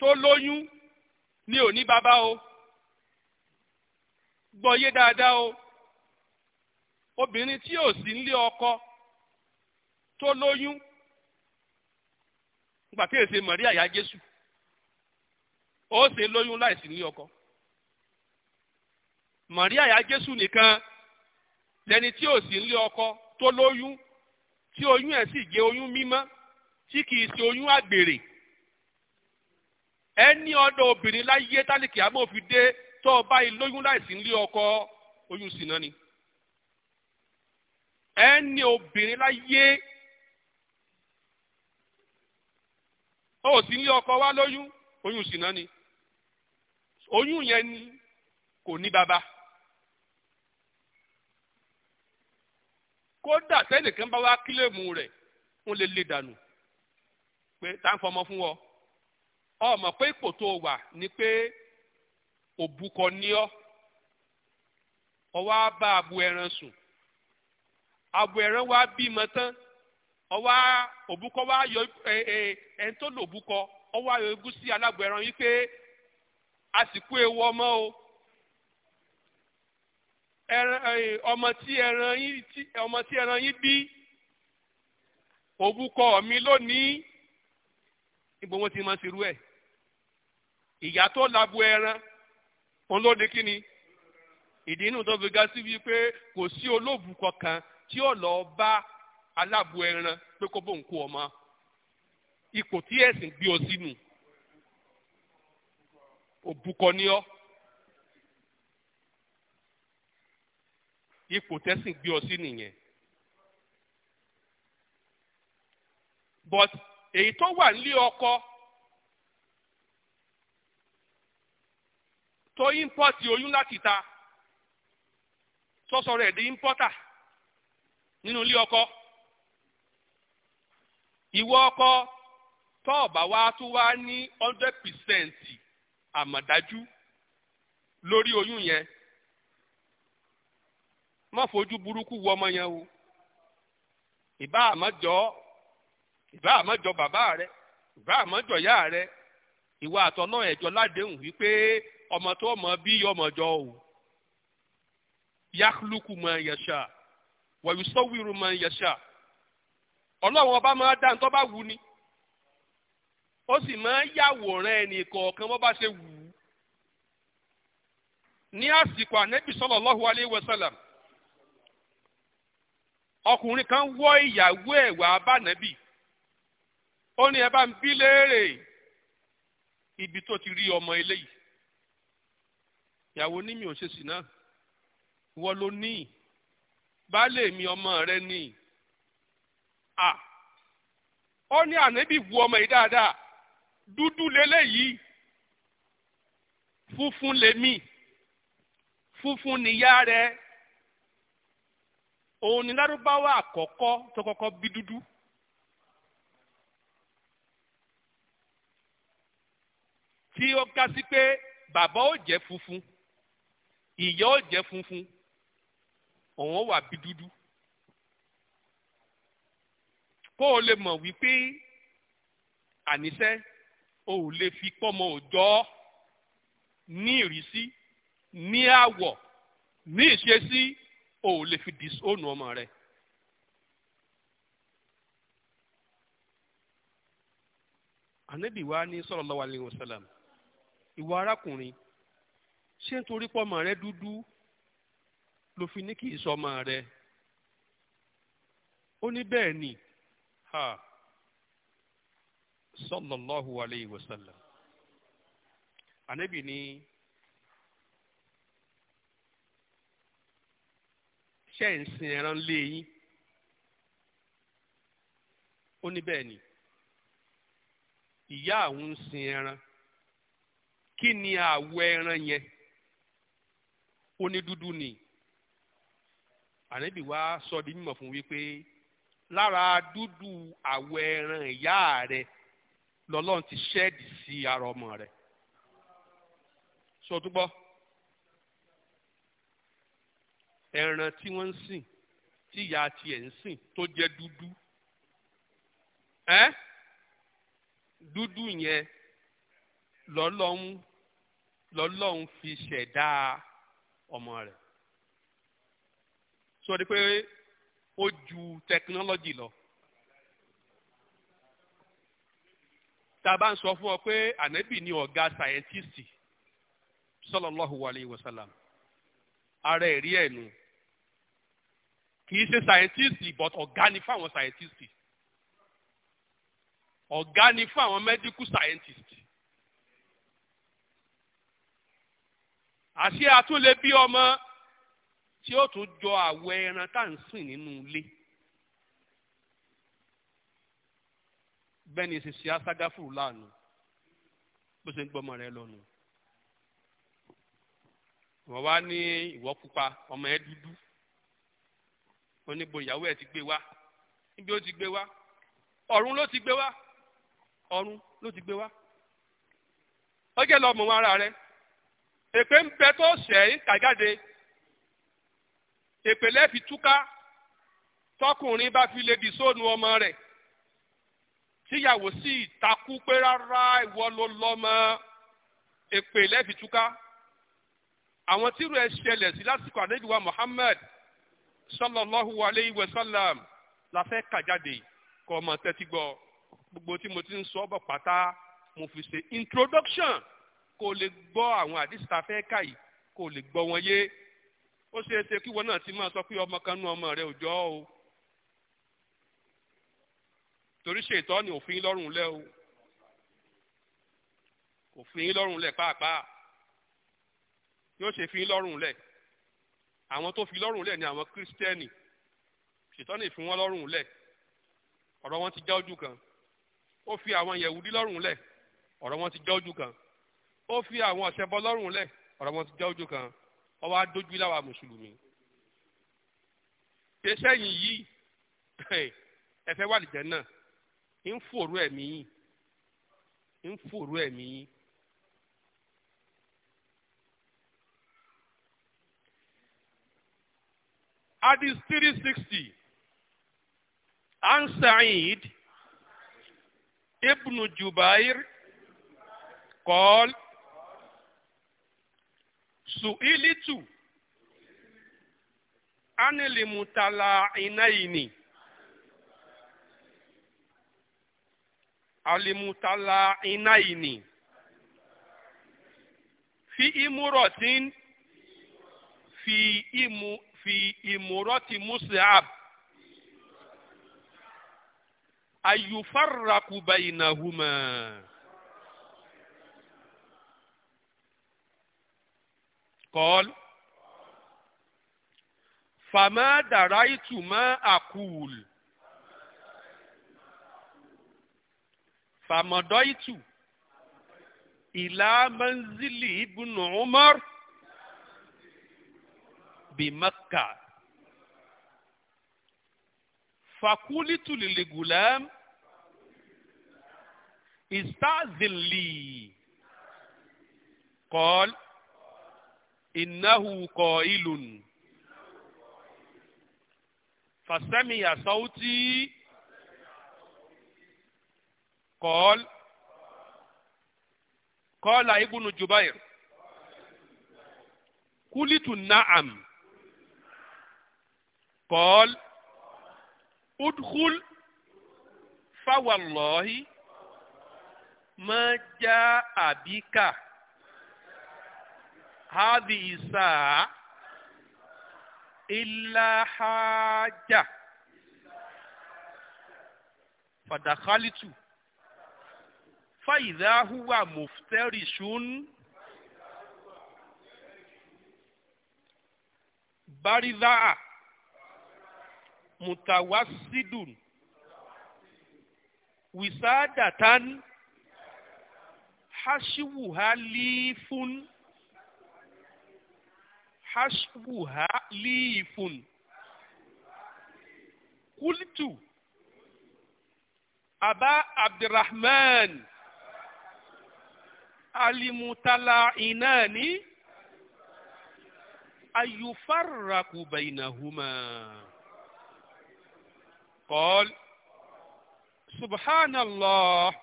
tó lóyún ni ò ní bàbá o gbọ́ yé dáadáa o obìnrin tí ò sí nílé ọkọ tó lóyún nígbà tí èsè Màríà yá Jésù ó ṣe lóyún láìsí ní ọkọ Màríà yá Jésù nìkan lẹni tí ò sí ní ọkọ tó lóyún tí oyún ẹ̀ sì jẹ́ oyún mímọ́ tí kìí ṣe oyún àgbèrè ẹni ọ̀dọ̀ obìnrin láyé tálíkì àmọ́ òfin dé tó o bá ilóyún láìsí ní ọkọ oyún sì náà ni ẹni obìnrin láyé ó sì ń lé ọkọ wá lóyún oyún sì náà ni oyún yẹn ni kò ní bàbá kódà sẹ́nìkan bá wá kílèmù rẹ̀ wọ́n lè lè dànù pé tá ń fọmọ fún ọ ọmọ pé ipò tó wà ni pé òbúkọ ní ọ ọwọ́ á bá abo ẹran sùn abo ẹran wá bímọ tán ọwá òbúkọ wá yọ ẹni tó lò òbúkọ ọwá yọ egúsí alágbò ẹran yìí pé a sì kú ewu ọmọ o ọmọ tí ẹran yín ọmọ tí ẹran yín bí òbúkọ mi lónìí níbo wọn ti máa ń ṣerú ẹ ìyá tó labo ẹran òun ló ní kíni ìdí inú tó fi ga sí wípé kò sí olóòbù kankan tí ó lọ bá aláàbò ẹran pé kó bóun kó ọmọ ipò tí ẹ̀sìn gbé ọ sínú òbúkọ ní ọ ipò tẹ́sìn gbé ọ sí nìyẹn but èyí tó wà nílé ọkọ tó ímpọ́tì oyún láti ta sọ́sọ́ rẹ̀ di ímpọ́tà nínú ilé ọkọ ìwọ ọkọ tọ́ọ̀bà wa tún wá ní hundred percent àmọ̀dájú lórí oyún yẹn má fojú burúkú wo ọmọ yẹn o ìbá àmọ́jọ ìbá àmọ́jọ bàbá rẹ ìbá àmọ́jọ ìyá rẹ ìwà àtọ̀nà ẹ̀jọ́ ládéhùn wípé ọmọ tó mọ bí ọmọjọ o yakhluqu man yasha wa yusawwiru man yasha ọlọ́run ọba máa dá ní tó bá wù ni ó sì máa yàwòrán ẹnì kọ̀ọ̀kan bó bá ṣe wù ú. ní àsìkò ànẹ́bí sallallahu alayhi wa sallam ọkùnrin kan wọ́ ìyàwó ẹ̀ wá bá ànẹ́bí ó ní ẹ bá ń bí léèrè ibi tó ti rí ọmọ eléyìí ìyàwó ní mi ò ṣe sì náà ìwọ ló ní baálé mi ọmọ rẹ níyì à ó ní ànábì wu ọmọ yìí dáadáa dúdú lélẹ́yìí funfun lèmi funfun nìyá rẹ òun ni lárúbáwá àkọ́kọ́ tó kọ́kọ́ bí dúdú. tí ó ká sí pé bàbá ó jẹ́ funfun ìyá ó jẹ́ funfun òun ó wà bí dúdú kó o lè mọ̀ wípé àníṣe o ò lè fi pọ́mọ òòjọ́ ní ìrísí ní àwọ̀ ní ìṣesí o ò lè fi disown ọmọ rẹ. ànábì wa ní sallallahu alaihi wasallam ìwà arákùnrin ṣé nítorí pọ́mọ rẹ dúdú ló fi ní kì í sọ ọmọ rẹ ó ní bẹ́ẹ̀ ni ha sallallahu alayhi wa sallam anabi ni ṣe ń sin ẹran lé yín ó ní bẹ́ẹ̀ ni ìyá àwọn ń sin ẹran kí ni àwọ̀ ẹran yẹn ó ní dúdú ni anabi wa sọ di mímọ̀ fún wípé lára dúdú àwọ̀ ẹran ìyá rẹ lọ́lọ́run ti ṣẹ́ẹ̀dì sí ara ọmọ rẹ sọtúbọ ẹran tí wọ́n ń sìn tí ìyá tiẹ̀ ń sìn tó jẹ́ dúdú ẹ́ dúdú yẹn lọ́lọ́run lọ́lọ́run fi ṣẹ̀dá ọmọ rẹ̀ sọ di pé ó ju tẹkinọ́lọ́jì lọ. tá a bá ń sọ fún ọ pé ànábì ni ọ̀gá sáyẹ́ntìsì sallallahu alayhi wa sallam ara ẹ̀rí ẹ̀ nu kì í ṣe sáyẹ́ntìsì but ọ̀gá ni fáwọn sáyẹ́ntìsì ọ̀gá ni fún àwọn medical scientist. àṣé àtúnlẹ̀ bí ọmọ tí ó tún jọ àwọ̀ ẹran tá à ń sìn nínú ilé. bẹ́ẹ̀ ni ṣe ṣe aṣágáfùrù láàánú bó ṣe ń gbọ́mọ rẹ lọ́nu. wọ́n wá ní ìwọ́ pupa ọmọ ẹ dúdú oníbo ìyàwó ẹ ti gbé wá níbi ó ti gbé wá ọ̀run ló ti gbé wá ọ̀run ló ti gbé wá ọjọ́ lọ́mọ wọn ara rẹ èpè ń bẹ tó ṣẹ̀ ń kà jáde èpèlẹ́ fi túká tọkùnrin bá fi lè di sóònù ọmọ rẹ̀ tíyàwó sì takú pé rárá ìwọ ló lọ́mọ èpèlẹ́ fi túká àwọn tírú ẹ ṣẹlẹ̀ sí lásìkò àdéjúwa Muhammad sallallahu alayhi wa sallam la fẹ́ kà jáde kọ́ ọmọ tẹ́tí gbọ́ gbogbo tí mo ti ń sọ bọ̀ pátá mo fi ṣe introduction kó o lè gbọ́ àwọn àdìsí ta fẹ́ kà yìí kó lè gbọ́ wọn yé ó ṣeé ṣe kí ìwọ náà ti máa sọ pé ọmọ kan nú ọmọ rẹ òjọ́ o torí ṣètọ́ ni òfin lọ́rùn lẹ́ o òfin lọ́rùn lẹ̀ pàápàá yóò ṣe fi lọ́rùn lẹ̀ àwọn tó fi lọ́rùn lẹ̀ ni àwọn kírísítẹ́nì ṣètọ́ ni ìfún wọn lọ́rùn lẹ̀ ọ̀rọ̀ wọn ti já ojú kan ó fi àwọn yẹ̀wùdí lọ́rùn lẹ̀ ọ̀rọ̀ wọn ti já ojú kan ó fi àwọn ọ̀ṣẹ̀bọ lọ́rùn lẹ̀ ọ̀rọ̀ wọn ti já kan ọwọ́ adójú láwa mùsùlùmí pé sẹ́yìn yìí ẹ fẹ́ wà lìjẹ́ náà ń fòrú ẹ̀mí yìí ń fòrú ẹ̀mí yìí. Hadis 360 An Sa'id Ibn Jubair قال su'ilitu anili mutala inaini alimutala inaini fi imuratin fi imu fi imurati musab ayufarraku bainahuma. قال فما دريت ما أقول فمضيت إلى منزل ابن عمر بمكة فقلت للغلام استأذن لي قال innahu qailun fasamiya sauti qal qala ibnu jubair kulitu na'am qal udkhul fawallahi ma jaa abika هذه الساعة إلا حاجة فدخلت فإذا هو مفترش بارضاء متوسد وسادة حشوها ليف حسبها ليف قلت أبا عبد الرحمن المتلاعنان أن يفرق بينهما قال سبحان الله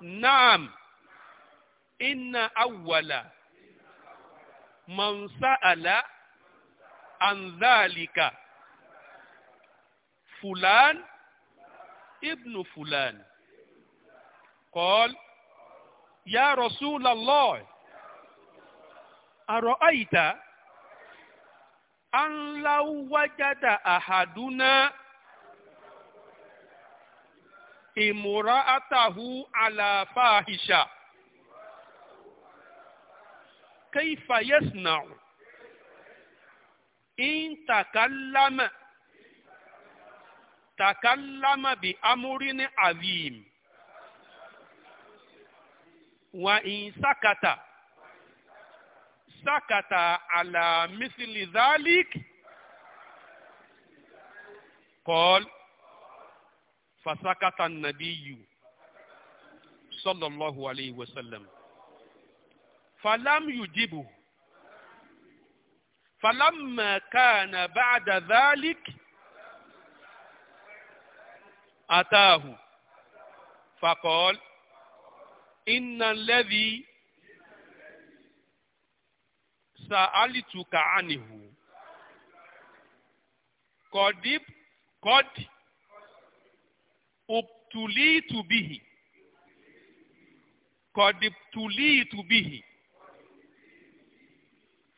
نعم إن أول mansaala anzalika fulan ibnu fulan qol ya rasul allah ara'aita an law wajada ahaduna imra'atahu ala fahisha كيف يصنع إن تكلم تكلم بأمر عظيم وإن سكت سكت على مثل ذلك قال فسكت النبي صلى الله عليه وسلم falam yujibu falamma kana ba'da dhalik ataahu faqal inna alladhi sa'altuka anhu qadib qad ubtulitu bihi qad ubtulitu bihi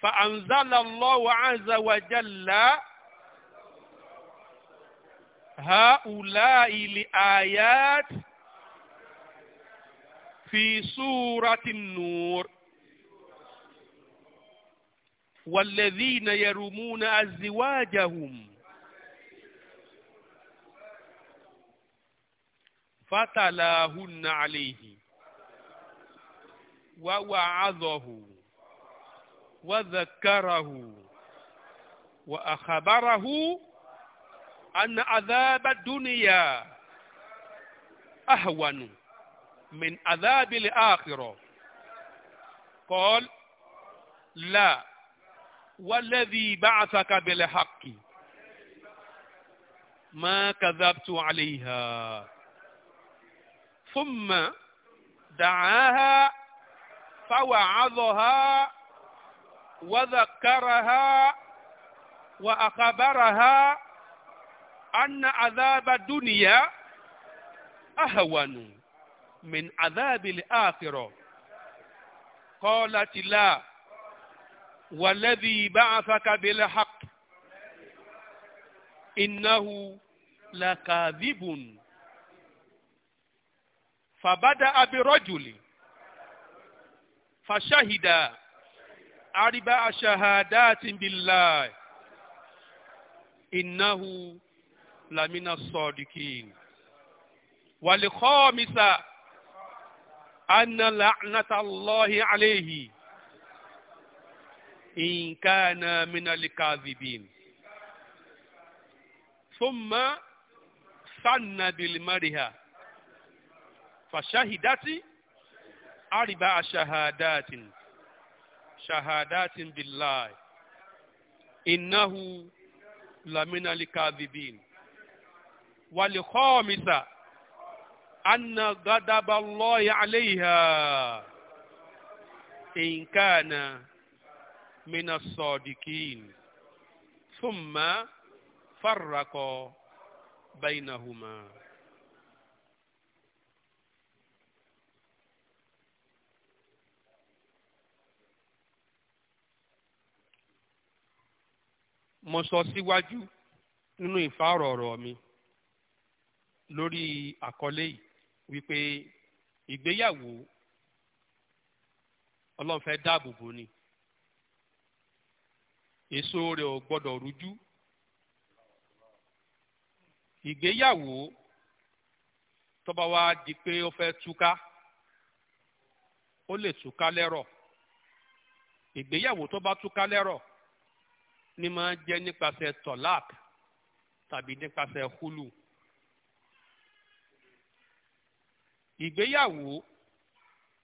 فأنزل الله عز وجل هؤلاء الآيات في سورة النور والذين يرمون أزواجهم فتلاهن عليه ووعظه وذكره وأخبره أن عذاب الدنيا أهون من عذاب الآخرة قال لا والذي بعثك بالحق ما كذبت عليها ثم دعاها فوعظها وذكرها وأخبرها أن عذاب الدنيا أهون من عذاب الآخرة قالت لا والذي بعثك بالحق إنه لكاذب فبدأ برجل فشهد أربع شهادات بالله إنه لمن الصادقين والخامسة أن لعنة الله عليه إن كان من الكاذبين ثم سن بالمرها فشهدت أربع شهادات شهادات بالله إنه لمن الكاذبين والخامسة أن غضب الله عليها إن كان من الصادقين ثم فرق بينهما mo sọ síwájú nínú ìfárọ̀rọ̀ mi lórí àkọlé yìí wípé ìgbéyàwó ọlọ́run fẹ́ dáàbò bò ni èso rẹ̀ ò gbọ́dọ̀ rújú ìgbéyàwó tó bá wá di pé ó fẹ́ túká ó lè túká lẹ́rọ̀ ìgbéyàwó tó bá túká lẹ́rọ̀ ní máa ń jẹ́ nípasẹ̀ tọ́lák tàbí nípasẹ̀ húlù. ìgbéyàwó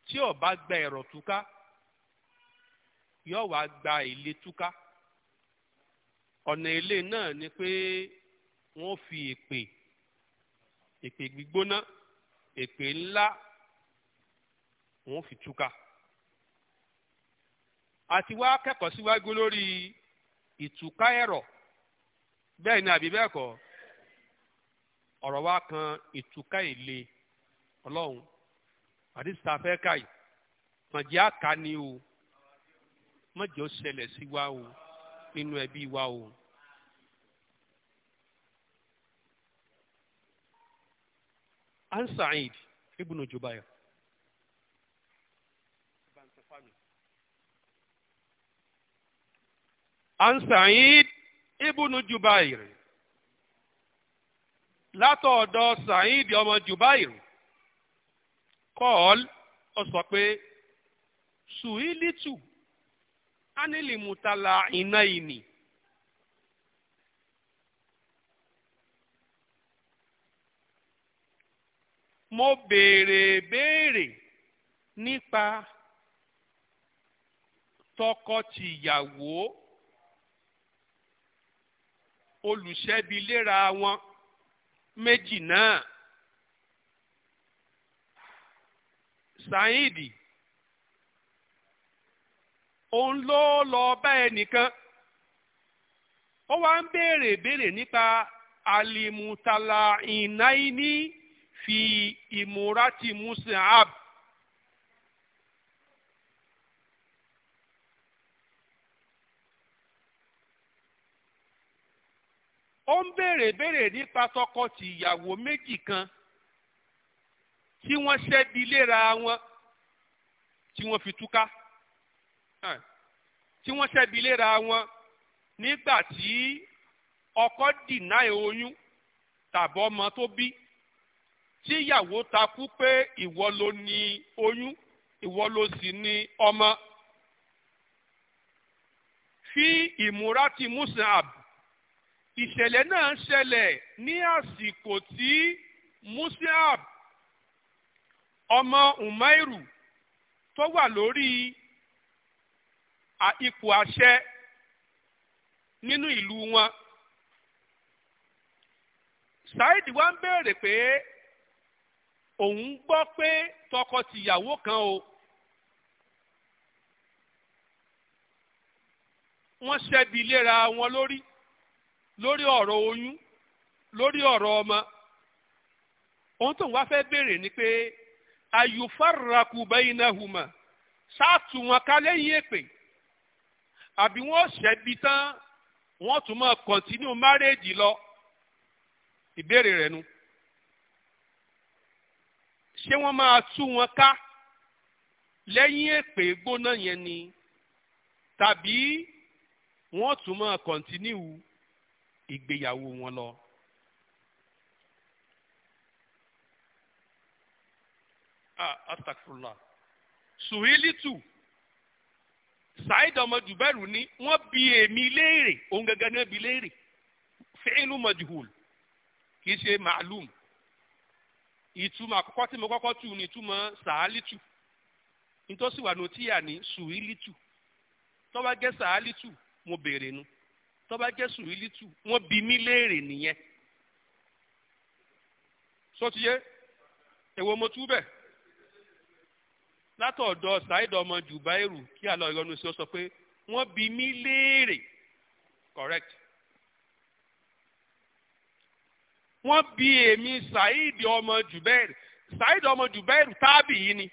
tí ó bá gba ẹ̀rọ̀ túká yóò wá gba ilé túká ọ̀nà ilé náà ni pé wọ́n fi èpè èpè gbígbóná èpè ńlá wọ́n fi túká àti wá kẹ́kọ̀ọ́ síwájú lórí ìtúká ẹ̀rọ bẹ́ẹ̀ ni àbí bẹ́ẹ̀ kọ́ ọ̀rọ̀ wa kan ìtúká ìle ọlọ́run àdìsí ta fẹ́ ká yìí mọ̀jẹ́ àká o mọ̀jẹ́ ó sí wa o nínú ẹbí wa o. an Sa'id ibn an Sa'id ibnu Jubair látọ̀dọ̀ Sa'id ọmọ Jubair kọ́ọ̀l ó sọ pé suhilitu anili mutala inaini mo béèrè béèrè nípa tọkọ olùṣẹ́biléra wọn méjì náà Saidi òun ló lọ bá ẹnìkan ó wá ń béèrè béèrè nípa alimutala ìnáyíní fi ìmúra ti musa ab ó ń béèrè béèrè nípa tọkọ tí ìyàwó méjì kan tí wọ́n ṣẹ́bi léra wọn tí wọ́n fi túká tí wọ́n ṣẹ́bi léra wọn nígbà tí ọkọ dìná oyún tàbọ̀ ọmọ tó bí tí ìyàwó takú pé ìwọ ló ní oyún ìwọ ló sì ní ọmọ fi ìmúra ti musa ab ìṣẹ̀lẹ̀ náà ṣẹlẹ̀ ní àsìkò tí Musab ọmọ Umairu tó wà lórí ipò àṣẹ nínú ìlú wọn Saheed wá ń béèrè pé òun gbọ́ pé tọkọ-tìyàwó kan o wọ́n ṣẹ́bi léra wọn lórí lórí ọ̀rọ̀ oyún lórí ọ̀rọ̀ ọmọ ohun tó ń wá fẹ́ béèrè ni pé ayùfáràkù bainahuma sáàtù wọn ká lẹ́yìn èpè àbí wọ́n ṣẹ́bi tán wọ́n tún máa kọ̀ntínú márèèjì lọ ìbéèrè rẹ̀ nu ṣé wọ́n máa tú wọn ká lẹ́yìn èpè gbóná yẹn ni tàbí wọ́n tún máa kọ̀ntínú ìgbéyàwó wọn lọ. astagfirullah suhilitu saheed ọmọ jubairu ni wọ́n bi èmi léèrè òun gẹ́gẹ́ ní bi léèrè fíìlù majhul kì í ṣe màálùm ìtumọ̀ àkọ́kọ́ tí mo kọ́kọ́ tù ní ìtumọ̀ sàálìtù nítòsí wà ní tíyà ní suhilitu tọ́wọ́ gẹ́ sàálìtù mo béèrè nu. No tó bá jẹ́ sùhílítù wọ́n bi mí léèrè nìyẹn sọtiyé èwo mo tú bẹ̀ látọ̀dọ̀ Saheed ọmọ Jùbáìrù kí àlọ́ ìyọnu sí ọ sọ pé wọ́n bi mí léèrè correct wọ́n bi èmi Saheed ọmọ Jùbáìrù Saheed ọmọ Jùbáìrù táàbì yìí ni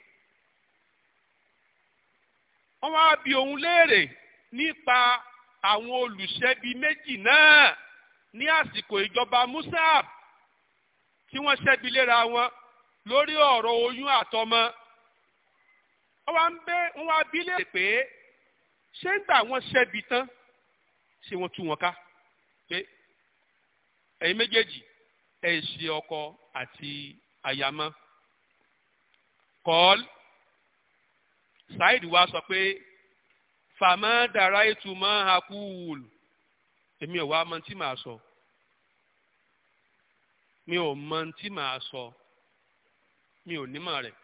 wọ́n wá bi òun léèrè nípa àwọn olùṣẹ́bi méjì náà ní àsìkò ìjọba musab tí wọ́n ṣẹ́bi léra wọn lórí ọ̀rọ̀ oyún àtọmọ wọ́n wá bí léèrè pé ṣé ń gbà wọ́n ṣẹ́bi tán ṣé wọ́n tú wọn ká pé ẹ̀yin méjèèjì ẹ̀ ṣe ọkọ àti àyàmọ́ kọ́ọ́lù Saheed wa sọ pé fàmọ́ dàrá ìtumọ̀ hakúùl èmi ò wá mọ tí màá sọ mi ò mọ tí màá sọ mi ò nímọ̀ rẹ̀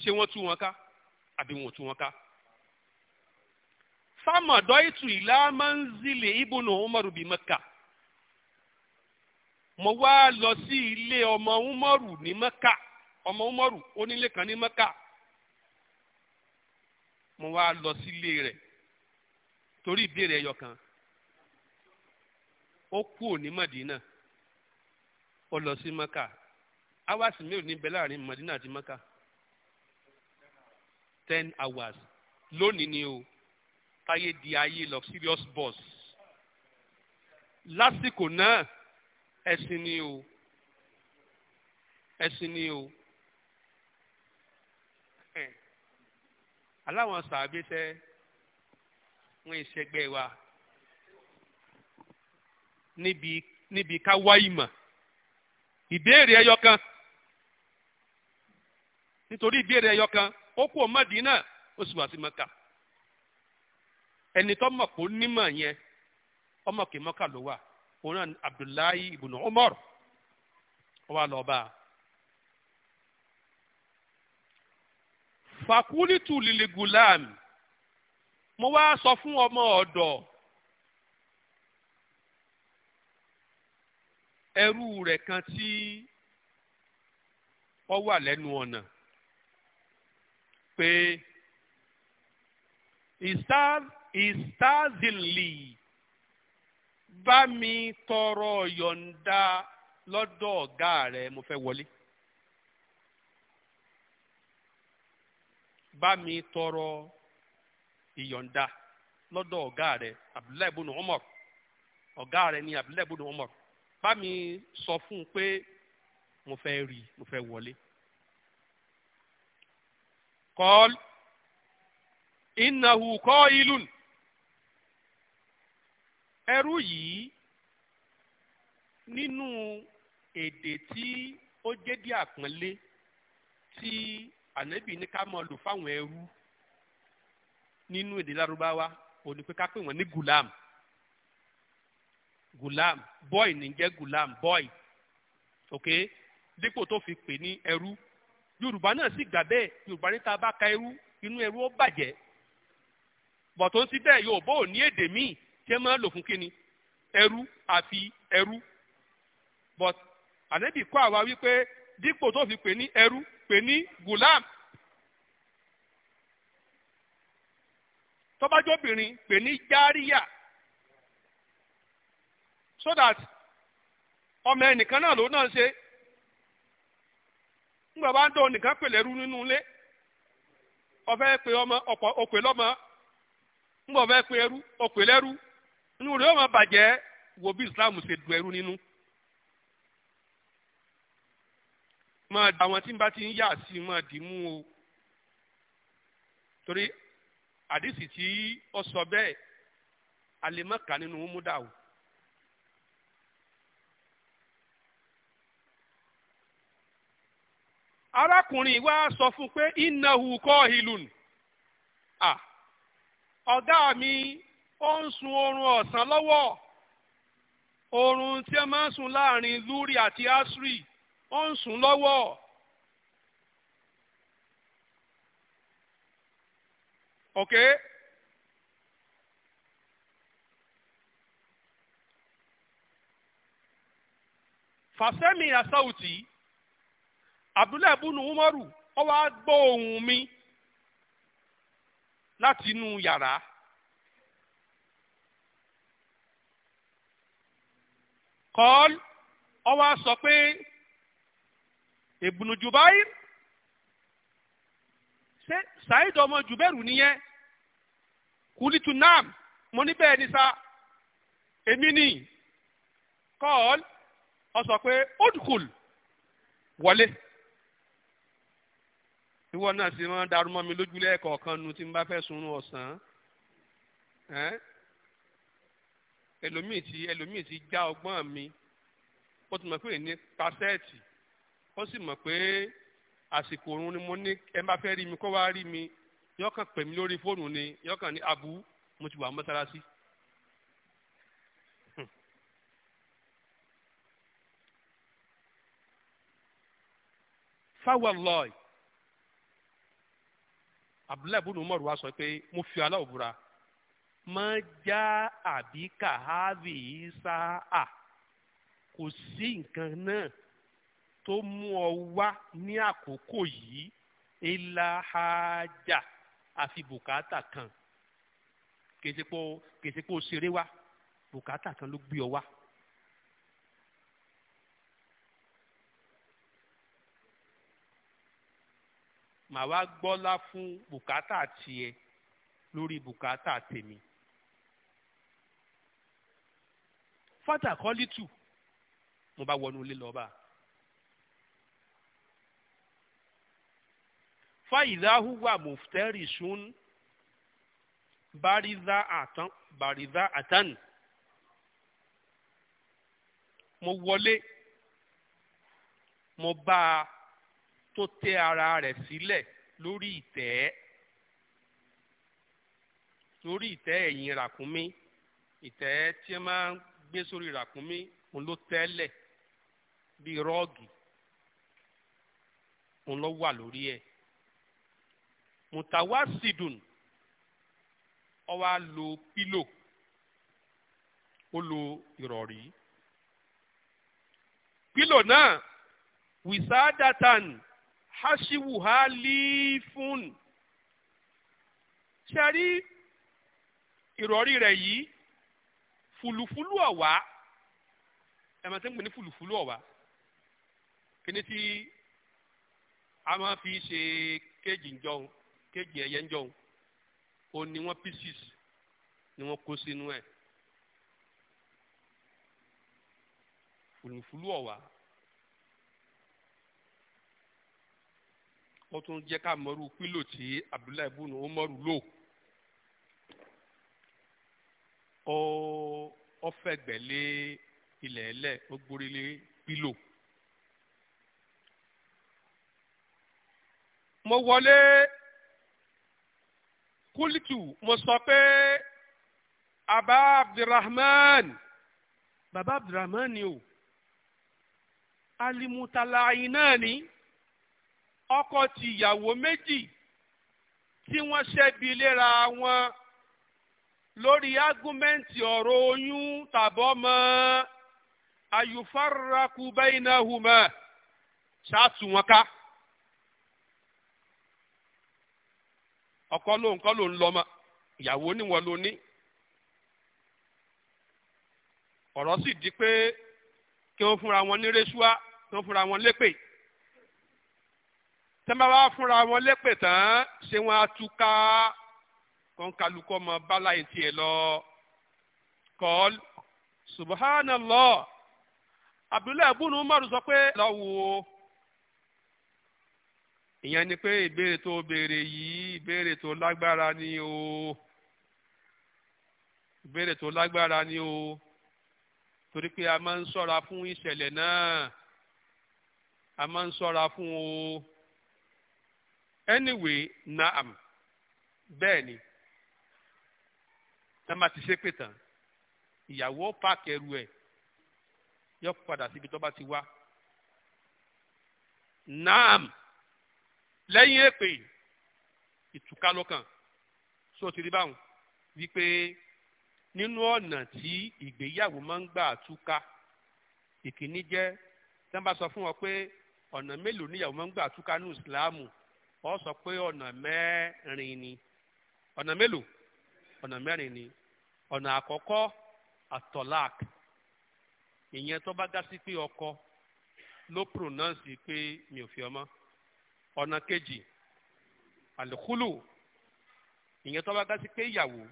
ṣé wọ́n tú wọn ká àbí wọn ò tú wọn ká. fámọ̀dọ́ ìtù ìlà máa ń zilè ibùnú umaru bíi mẹ́ka mo wá lọ sí ilé ọmọ umaru ní mẹ́ka ọmọ umaru onílé kan ní mẹ́ka mo wá lọ sílé rẹ̀ torí ìbéèrè ẹyọ kan ó kú òní Mọ̀dínà ó lọ sí Mọ́kà áwàsì mélòó ní láàrin Mọ̀dínà àti Mọ́kà ten hours lónìí ni o táyé di ayé luxurious bus lásìkò náà ẹ̀sìn ni o ẹ̀sìn ni o. aláwọn sàbí tẹ wọn ìṣègbè wa níbi níbi ká wá mà ìbéèrè ẹyọ kan nítorí ìbéèrè ẹyọ kan ó kú ọmọdínà ó sì wá sí mọ́kà ẹni tó mọ̀ kó nímọ̀ yẹn ọmọ kì í mọ́kà ló wà òun náà Abdullahi ibùnà Umar ó wá lọ bá a. fàkúlìtù lìlì gùlám mo wá sọ fún ọmọ ọ̀dọ̀ ẹrú rẹ̀ kan tí ó wà lẹ́nu ọ̀nà pé ìstáàzìlì bá mi tọrọ yọ̀ǹda lọ́dọ̀ ọ̀gá rẹ̀ mo fẹ́ wọlé. bá mi tọrọ ìyọ̀ǹda lọ́dọ̀ ọ̀gá rẹ̀ Abdullahi Umar ọ̀gá rẹ̀ ni Abdullahi ibn Umar bá mi sọ fún un pé mo fẹ́ rí mo fẹ́ wọlé. kọ́ọ́lù innahu qailun ẹrú yìí nínú èdè tí ó jẹ́ di àpọ́nlé tí ànábì ní ká máa lò fáwọn ẹrú nínú èdè lárúbáwá ó pé ká pè wọ́n ní gulam gulam boy ní jẹ́ gulam boy ok dípò tó fi pè ní ẹrú yorùbá náà sì gbà bẹ́ẹ̀ yorùbá ní ta bá ka ẹrú inú ẹrú ó bàjẹ́ bọ̀tọ̀ ń sí bẹ́ẹ̀ yorùbá ò ní èdè míì tí ẹ máa lò fún kíni ẹrú àfi ẹrú but ànábì kọ́ àwa wípé dípò tó fi pè ní ẹrú pè ní gulam tọ́bájọ́bìnrin pè ní járíyà so that ọmọ ẹnìkan náà ló náà ṣe ńgbà bá ń nìkan pè lẹ́rú nínú ilé ọ̀fẹ́ pè ọmọ ọ̀pọ̀ òpè lọ́mọ ńgbà ọ̀fẹ́ pè ẹrú òpè lẹ́rú inú rẹ̀ Islam ṣe du ẹrú nínú. máa dà àwọn tí ń bá ti ń yà sí i máa dì mú o torí àdìsí tí ó sọ bẹ́ẹ̀ a lè má kà nínú múdà o. arákùnrin wa sọ fún pé innahu qahilun à ọ̀gá mi ó ń sun oorun ọ̀sán lọ́wọ́ oorun tí a máa ń sun láàrin lúrí àti asri ó ń sùn lọ́wọ́ ok fàṣẹ́mi àsáùtì abdullahi bunu umaru ó wá gbọ́ ohùn mi láti inú yàrá. kọ́ọ́lù ó wá sọ pé. Ibn Jubair ṣé Saheed ọmọ Jubairu nìyẹn kulitu nam mo ní bẹ́ẹ̀ ni sa èmi ni kọ́ọ̀l ọ sọ pé odukul wọlé ìwọ náà sì máa ń darú mọ́ mi lójú lẹ́ẹ̀kọ̀ọ̀kan nu tí n bá fẹ́ sunrun ọ̀sán ẹlòmíì ti ẹlòmíì ti já ọgbọ́n mi ó ti mọ̀ pé ní pásẹ́ẹ̀tì ó sì mọ̀ pé àsìkò oorun ni mo ní ẹ bá fẹ́ rí mi kó wá rí mi yọkàn pè mí lórí fóònù ni yọkàn ní abu mo ti wà mọ́sálásí. Hmm. fáwọlọ́ọ̀ì abdullahi bùnú mọ̀rù wa sọ pé mo fi aláwọ̀ búra mọ já àbí kàhábì sáà kò sí nǹkan náà tó mú ọ wá ní àkókò yìí ilá hájà àfi bùkátà kan kèsìpò kèsìpò ṣeré wá bùkátà kan ló gbé ọ wá. màá wá gbọ́lá fún bùkátà tiẹ̀ lórí bùkátà tèmi. fátà mo bá wọnú ilé lọ́ba. fàyídà hùwà mùftẹ́rì sún bàrídà àtàn bàrídà àtàn mo wọlé mo bá a tó tẹ ara rẹ̀ sílẹ̀ lórí ìtẹ́ lórí ìtẹ́ ẹ̀yìn ràkúnmí ìtẹ́ tí wọ́n máa ń gbé sórí ràkúnmí òun ló tẹ́lẹ̀ bíi rọ́ọ̀gì òun ló wà lórí ẹ̀ mutawasidun ó wá lo pílò ó lo ìrọ̀rí pílò náà wisadatan hashiwuha lifun ṣe rí ìrọ̀rí rẹ̀ yìí fùlùfùlù ọ̀wá ẹ̀mọ̀ tí ń pè ní fùlùfùlù ọ̀wá kíní a máa fi ṣe kéjì ń jọun kéèjì ẹyẹ ń jọun ó ní wọ́n pieces ni wọ́n kó sínú ẹ̀ ònìfúlú ọ̀wà ó tún jẹ́ ká mọ̀rú pílò tí Abdullahi bunu ó mọ̀rú lò ó ó fẹ̀gbẹ́ lé ilẹ̀ ẹlẹ̀ ó gbórí lé pílò. mo wọlé kúlìtù mo sọ pé abba abdulrahman baba abdulrahman ni o alimutalayin náà ni ọkọ ti ìyàwó méjì tí wọ́n ṣẹ́bi léra wọn lórí ágúmẹ́ǹtì ọ̀rọ̀ oyún tàbọ́mọ ayùfáràkù bẹ́ẹ̀ ṣáàtù wọn ká. ọkọ lóun kọ́ lòun lọ́mọ ìyàwó níwọ̀n ló ní ọ̀rọ̀ sì di pé kí wọ́n fúnra wọn ní rẹ́ṣúà kí wọ́n fúnra wọn lépè tẹ́lẹ̀ wá fúnra wọn lépè tán ṣé wọ́n á túká kọ́ńkálukọ́ mọ báláyé tiẹ̀ lọ kọ́ọ́lù subhanallah abdullahi abunu umaru sọ pé lọ́wọ́ ìyẹn ni pé ìbéèrè tó béèrè yìí ìbéèrè tó lágbára ni o ìbéèrè tó lágbára ni o torí pé a máa ń ṣọ́ra fún ìṣẹ̀lẹ̀ náà a máa ń ṣọ́ra fún o anyway naam bẹ́ẹ̀ ni tá a máa ti ṣépè tán ìyàwó páàkì ẹrù ẹ̀ yọ padà síbi tó bá ti wá naam lẹ́yìn èpè ìtúká lọ́kàn so ti rí báwọn wípé nínú ọ̀nà tí ìgbéyàwó máa ń gbà túká ìkíní jẹ́ tí wọ́n bá sọ fún ọ pé ọ̀nà mélòó níyàwó máa ń gbà túká ní ìsìláàmù ọ sọ pé ọ̀nà mẹ́rin ni ọ̀nà mélòó ọ̀nà mẹ́rin ni ọ̀nà àkọ́kọ́ atolak ìyẹn tó bá dá sí pé ọkọ ló pronounce pé mi ò fi ọmọ ọ̀nà kejì àlùkùlù ìyẹn tó bá gá sí pé ìyàwó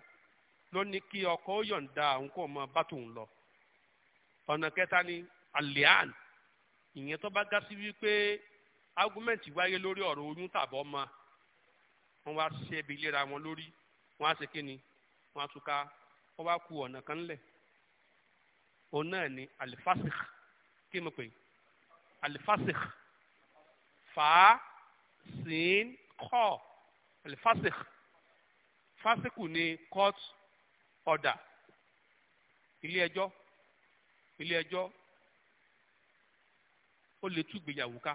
ló ní kí ọkọ ó yọ̀ǹda òun kò mọ bá tòun lọ ọ̀nà kẹta ni alian ìyẹn tó bá gá sí wípé argumenti wáyé lórí ọ̀rọ̀ oyún tàbọ̀ ọmọ wọn wá ṣẹbi léra wọn lórí wọn á ṣe kí ni wọn á túká wọn wá ku ọ̀nà kan lẹ̀ òun náà ni alifasikh kí ni mo pè é fàá sin kọ́ alifasik fásikù ni court order ilé ẹjọ́ ilé ẹjọ́ ó lè tú ìgbéyàwó ká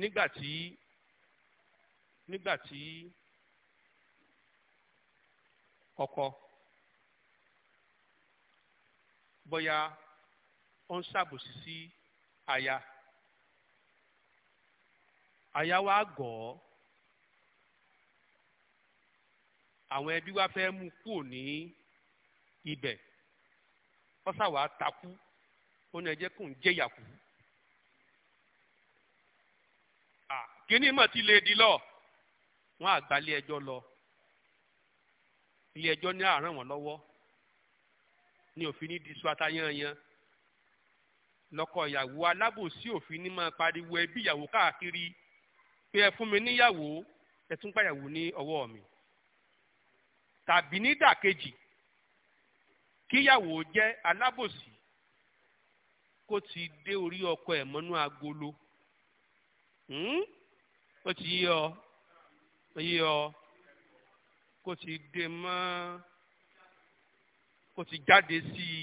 nígbà tí nígbà tí ọkọ bóyá ó ń ṣàbòsí sí aya. Si Aya wa gọ̀ ọ́ àwọn ẹbí wa fẹ́ mú kúrò ní ibẹ̀ ọ́sà wa takú ó ní ẹjẹ́ kò ń jẹ́yà kú. kíní mà ti lè di lọ wọn àgbà ilé ẹjọ́ lọ ilé ẹjọ́ ní àárọ̀ wọn lọ́wọ́ ní òfin ní disu atayanyan lọ́kọ ìyàwó alábòsí òfin ní máa pariwo ẹbí ìyàwó káàkiri pé ẹ fún mi níyàwó ẹ tún gbàyàwó ní ọwọ́ mi tàbí nídàkejì kíyàwó jẹ́ alábòsí kó ti dé orí ọkọ ẹ̀ mọ́nú agolo hmm? ó ti yí ọ yí ọ kó ti dé mọ́ kó ti jáde sí i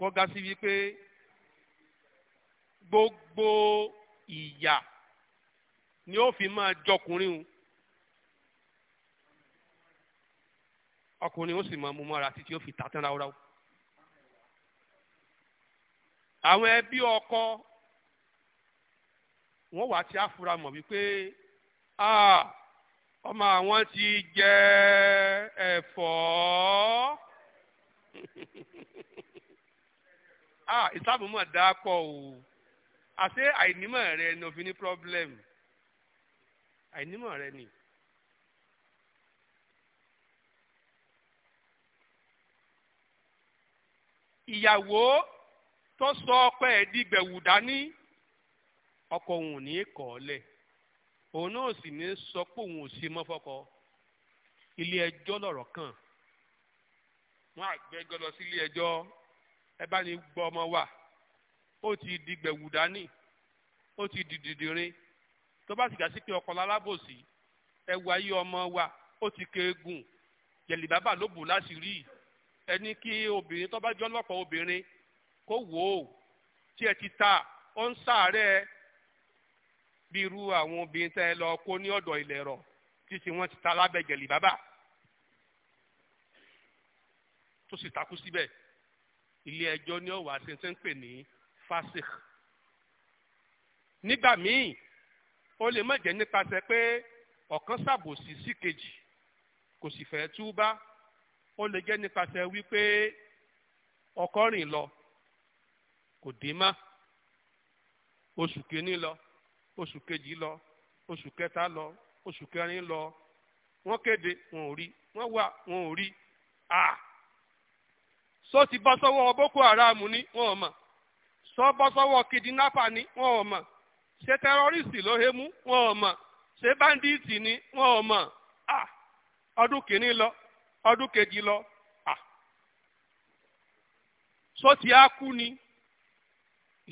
wọ́n ga sí wípé gbogbo. ìyà ni ó fi máa jọkùnrin o ọkùnrin ó sì máa mú mọ́ra títí ó fi tà tán ráúráú. àwọn ẹbí ọkọ wọn wà tí a fura mọ̀ wípé ọmọ àwọn ti jẹ ẹ̀fọ́ ah [laughs] ìsàbùmọ̀ kọ́ o. àṣé àìnímọ̀ rẹ ni òfin ní pírọ́blẹ́mù àìnímọ̀ rẹ ni. ìyàwó tó sọ ọpẹ ẹ di gbẹ̀wù dání ọkọ òun ò ní kọ̀ ọ́ lẹ̀ òun náà sì ní sọ pé òun ò ṣe mọ́ fọ́kọ ilé ẹjọ́ lọ̀rọ̀ kàn wọ́n àgbẹ̀jọ́ lọ sí ilé ẹjọ́ ẹ bá ní gbọ́ ọmọ wa ó ti di gbẹ̀wù dání ó ti di dìdìrín tó bá sì gà sí pé ọkọ lálábòsí ẹwù ayé ọmọ wa ó ti keegun yẹ̀lì bàbá ló bù láṣìírí ẹni kí obìnrin tó bá jọ lọ́pọ̀ obìnrin kó wò ó tí ẹ ti ta ó ń sàárẹ̀ bí irú àwọn obìnrin tẹ́ ẹ lọ kó ní ọ̀dọ̀ ilẹ̀ rọ̀ títí wọ́n ti ta lábẹ́ gẹ̀lì bàbá tó sì takú síbẹ̀ ilé ẹjọ́ ní ọ̀wà ṣe ń pè ní fasikh nígbà míì ó lè má jẹ́ nípasẹ̀ pé ọ̀kan ṣàbòsí sí kejì kò sì fẹ́ túbá ó lè jẹ́ nípasẹ̀ wípé ọkọ rìn lọ kò dé má oṣù kìíní lọ oṣù kejì lọ oṣù kẹta lọ oṣù kẹrin lọ wọ́n kéde wọn ò rí wọ́n wà wọn ò rí à sọ ti bọ́ sọ́wọ́ boko haram ni wọn ò mọ̀. sọ́bọ́ sọ́wọ́ ni wọn ò mọ̀ ṣé tẹ́rọ́rìsì ló he mú wọn ò mọ̀ ṣé ni wọn ò a ọdún kìíní lọ ọdún kejì lọ sọ́ọ̀tì á kú ni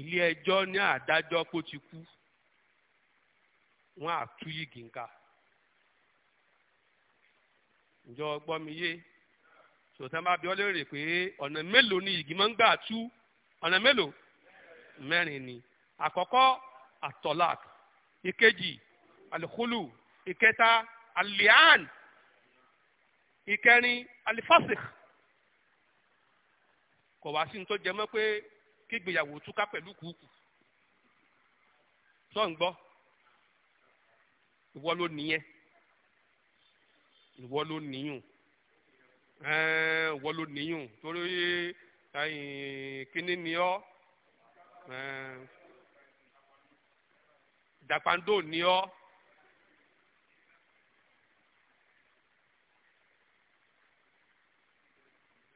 ilé ẹjọ ní àdájọ́ kó ti kú wọn àtú tú yìgì nǹka ǹjọ́ gbọ́ mi yé pé ọ̀nà mélòó ni yìgì máa ń gbà tú ọ̀nà mélòó mẹ́rin ni àkọ́kọ́ atolak ìkejì alikulu ìkẹta alian ìkẹrin alifasikh kò wá sí ní tó jẹ mọ́ pé kígbéyàwó túká pẹ̀lú kùkù sọ ń gbọ́ ìwọ ló nìyẹn ìwọ ló nìyùn ìwọ ló nìyùn torí kíní ni ọ́ Eh, dapando ni ọ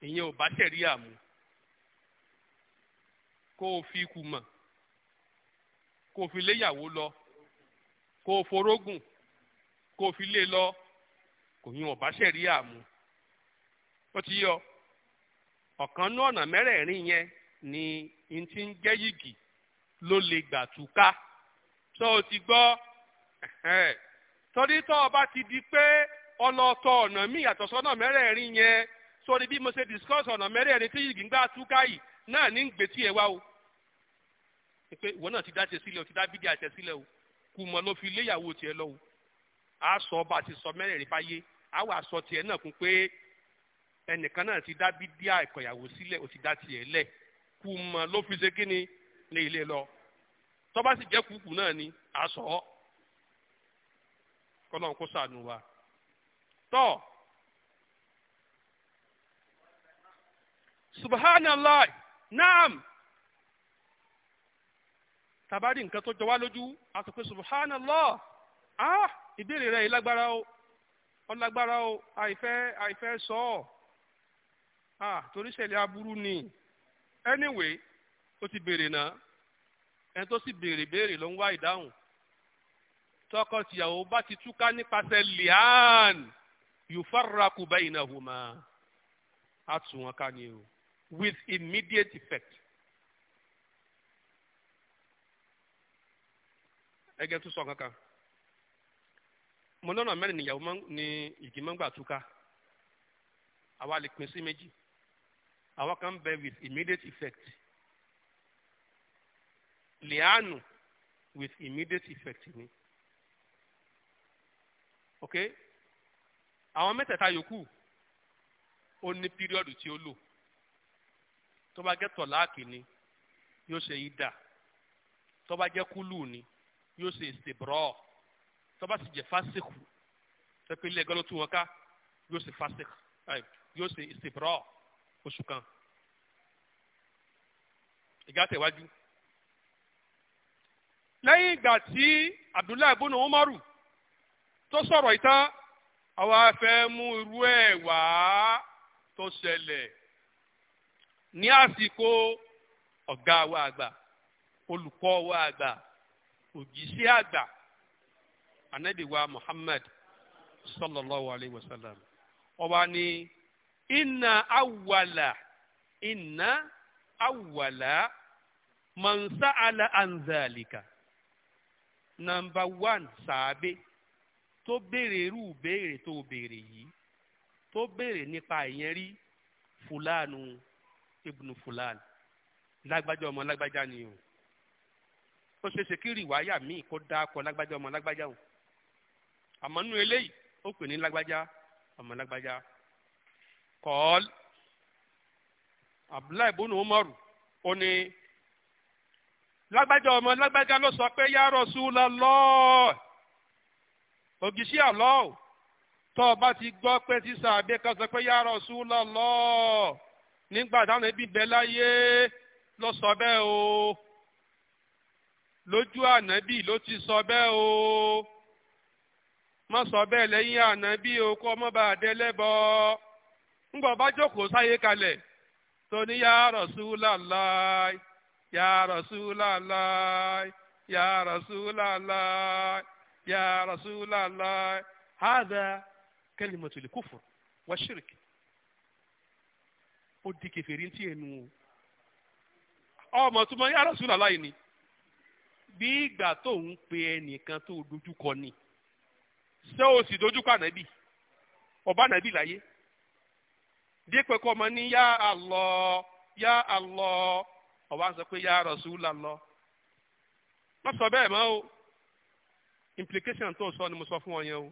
ìyẹn ò bá tẹ̀rí àmú kó o fi ikú mọ̀ kó o fi léyàwó lọ kó o forógùn kó o fi lé lọ kò yín ò bá tẹ̀rí àmú ó ti yọ ọ̀kan ní ọ̀nà mẹ́rẹ̀ẹ̀rin yẹn ni n ti ń jẹ́ yìgì ló lè gbà túká tó o ti gbọ́ di pé ọlọ́tọ̀ ọ̀nà yàtọ̀ sọ́nà mẹ́rẹ̀ẹ̀rin yẹn sórí bí mo ṣe discuss ọ̀nà mẹ́rẹ̀ẹ̀rin tí yìgì ń gbà túká yìí náà ní gbèsè ẹ̀ o pé ìwọ náà ti dá ṣe sílẹ̀ o ti dá àṣẹ sílẹ̀ o lọ o a sọ ọba àti sọ mẹ́rẹ̀ẹ̀rin a wà sọ tiẹ̀ náà kún pé ẹnìkan ti dá sílẹ̀ o ti dá tiẹ̀ lẹ̀ kú mọ ló fi ṣe kí ni ní ilé lọ tó bá sì jẹ́ kúkú náà ni àṣọ kọ́lọ́n kó sànù wa tọ́ subhanallah naam tàbá rí nǹkan tó jọ wá lójú a subhanallah ah ìbéèrè rẹ̀ lágbára o ó lágbára o àìfẹ́ àìfẹ́ sọ ah torí ṣẹlẹ̀ aburú ni anyway ó ti béèrè náà ẹni tó sì béèrè béèrè ló ń wá ìdáhùn tọkọtìyàwó bá ti túká nípasẹ̀ lian yufarraku bainahuma á tù wọn ká ni o with immediate effect. ẹgẹ tún sọ kankan mo lọ́nà mẹ́rin nìyàwó ni ìgbìmọ̀ gbà túká àwa lè pín sí méjì àwọn kan bẹ with immediate effect lianu with immediate effect ni ok àwọn mẹ́tẹ̀ẹ̀ta yòókù ó ní píríọ̀dù tí ó lò tó bá jẹ́ tọ̀láàkì ni yóò ṣe ìdà tó bá jẹ́ kúlù ni yóò ṣe ìsèbrọ́ tó bá sì jẹ́ fásikù tẹ́pẹ́lẹ́ gọ́lọ́tù wọn ká yóò ṣe fásikù yóò ṣe ìsèbrọ́. oṣù kan ìgbàtẹ̀wájú. lẹ́yìn ìgbà tí abdullahi ibn umaru tó sọ̀rọ̀ ìtàn àwa fẹ́ mú irú ẹ̀ wá tó ṣẹlẹ̀ ní àsìkò ọ̀gá wa àgbà olùkọ́ wa àgbà òjíṣẹ́ àgbà anabiwa muhammad sallallahu alayhi wa sallam ó wá ní. inna awwala inna awwala man sa'ala an zalika number one sàábé tó béèrè irú béèrè tó béèrè yìí tó béèrè nípa ìyẹn rí fulanu ibnu fulan lágbájá ọmọ lágbájá ni o ó ṣe ṣe kí rìwáyà míì kó dáko lágbájá ọmọ lágbájá o àmọ́ nínú eléyìí ó pè ní lágbájá ọmọ lágbájá. kọ́ọ́l abdullahi bunu umaru ó ní lágbájá ọmọ lágbájá ló sọ pé ya Rasulullah ògìṣí Allah tó o bá ti gbọ́ pé sísá àbí kan sọ pé ya Rasulullah nígbà táwọn ẹbí bẹ láyé ló sọ bẹ́ẹ̀ o lójú ànábì ló ti sọ bẹ́ẹ̀ o má sọ bẹ́ẹ̀ lẹ́yìn ànábì o kó bá a dé lẹ́bọ̀ọ́. ńgbà ọba jókòó s'aye kalẹ̀ tó ní yá Rasulullahi yá Rasulullahi yá Rasulullahi yá Rasulullahi hádà kalimatul kufr wa shirk o di kèfèrí tí ẹnu o ọmọ tó mọ yá Rasulullahi ni bí igba tó ń pe ẹnìkan to dojukọ ni ṣé o si dojúkọ anabi? ọba ànábì láyé. dípò kó ọmọ ní ya alọ yá Allah ọ̀wá sọ pé yá Rasulullah má sọ o implication to sọ ni mo sọ fún o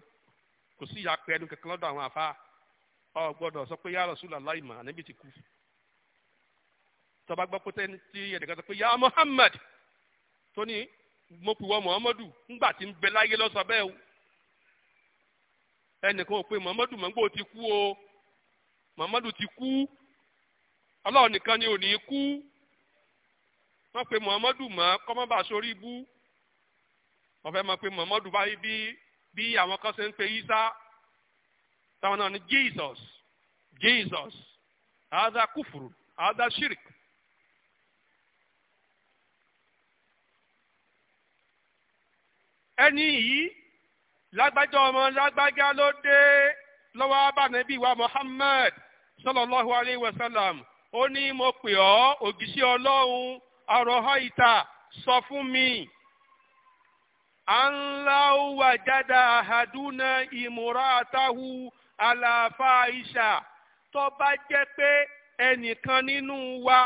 kò sí ìyá pẹ́ẹ́nu kankan lọ́dọ̀ àwọn àfa ọ gbọ́dọ̀ sọ pé yá ànábì ti kú tọba gbọ́ tí sọ pé Muhammad tó ní mo pè Muhammadu ńgbà tí ń bẹ láyé lọ́sọ̀ bẹ́ẹ̀ o ẹnìkan Muhammadu mọ̀ ń gbọ́ ti kú o. muhammadu ti kú Allah nìkan ni ò ní kú wọ́n pe muhammadu mọ́ kọ́mọ́bà sórí ibú wọ́n fẹ́ mọ̀ pé muhammadu báyìí bí bí àwọn kan ṣe ń pe isa táwọn náà ní jesus jesus àádá kúfùrù àádá shirk. ẹni yìí lágbájá ọmọ lágbájá ló dé lọ́wọ́ abánẹ́bí wa Muhammad sallallahu alayhi wa sallam ó ní mo pè ọ́ ògìṣẹ́ ọlọ́run àròhọ́ ìta sọ fún mi anláwó wàjádà àhàdúnà ìmúratàhù àlàáfà ìṣà tó bá jẹ́ pé ẹnìkan nínú wa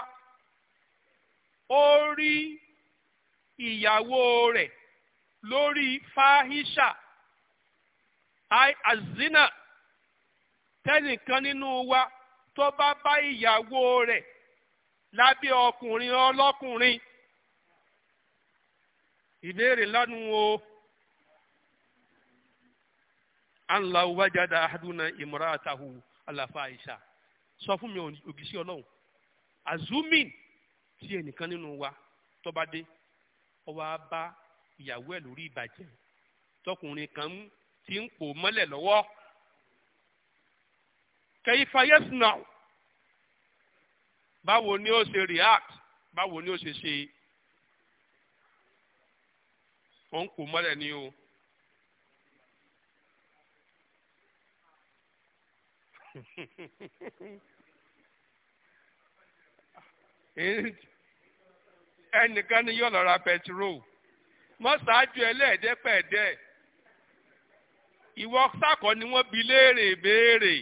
ó rí ìyàwó rẹ̀ lórí fáhíṣà àzínà tẹ́nìkan nínú wa tó bá bá ìyàwó rẹ̀ lábẹ́ ọkùnrin ọlọ́kùnrin ìbéèrè lánú o anla wájàdá ahaduna imura atahu alafa aisha sọ fún mi ògìsí ọlọ́run azumi tí ẹnìkan nínú wa tó bá dé ó wá bá ìyàwó ẹ̀ lórí tọkùnrin kan ti ń pò mọ́lẹ̀ kẹ̀yìfà yes now báwo ni ó ṣe react báwo ni ó ṣe ṣe ó ń kó mọ́lẹ̀ ni o. [laughs] ẹnìkan ni yóò lọ ra pẹtiró wọ́n ṣáájú ẹlẹ́ẹ̀dẹ́pẹ̀ẹ́dẹ́ ìwọ sákọ̀ ni wọ́n bi léèrè béèrè.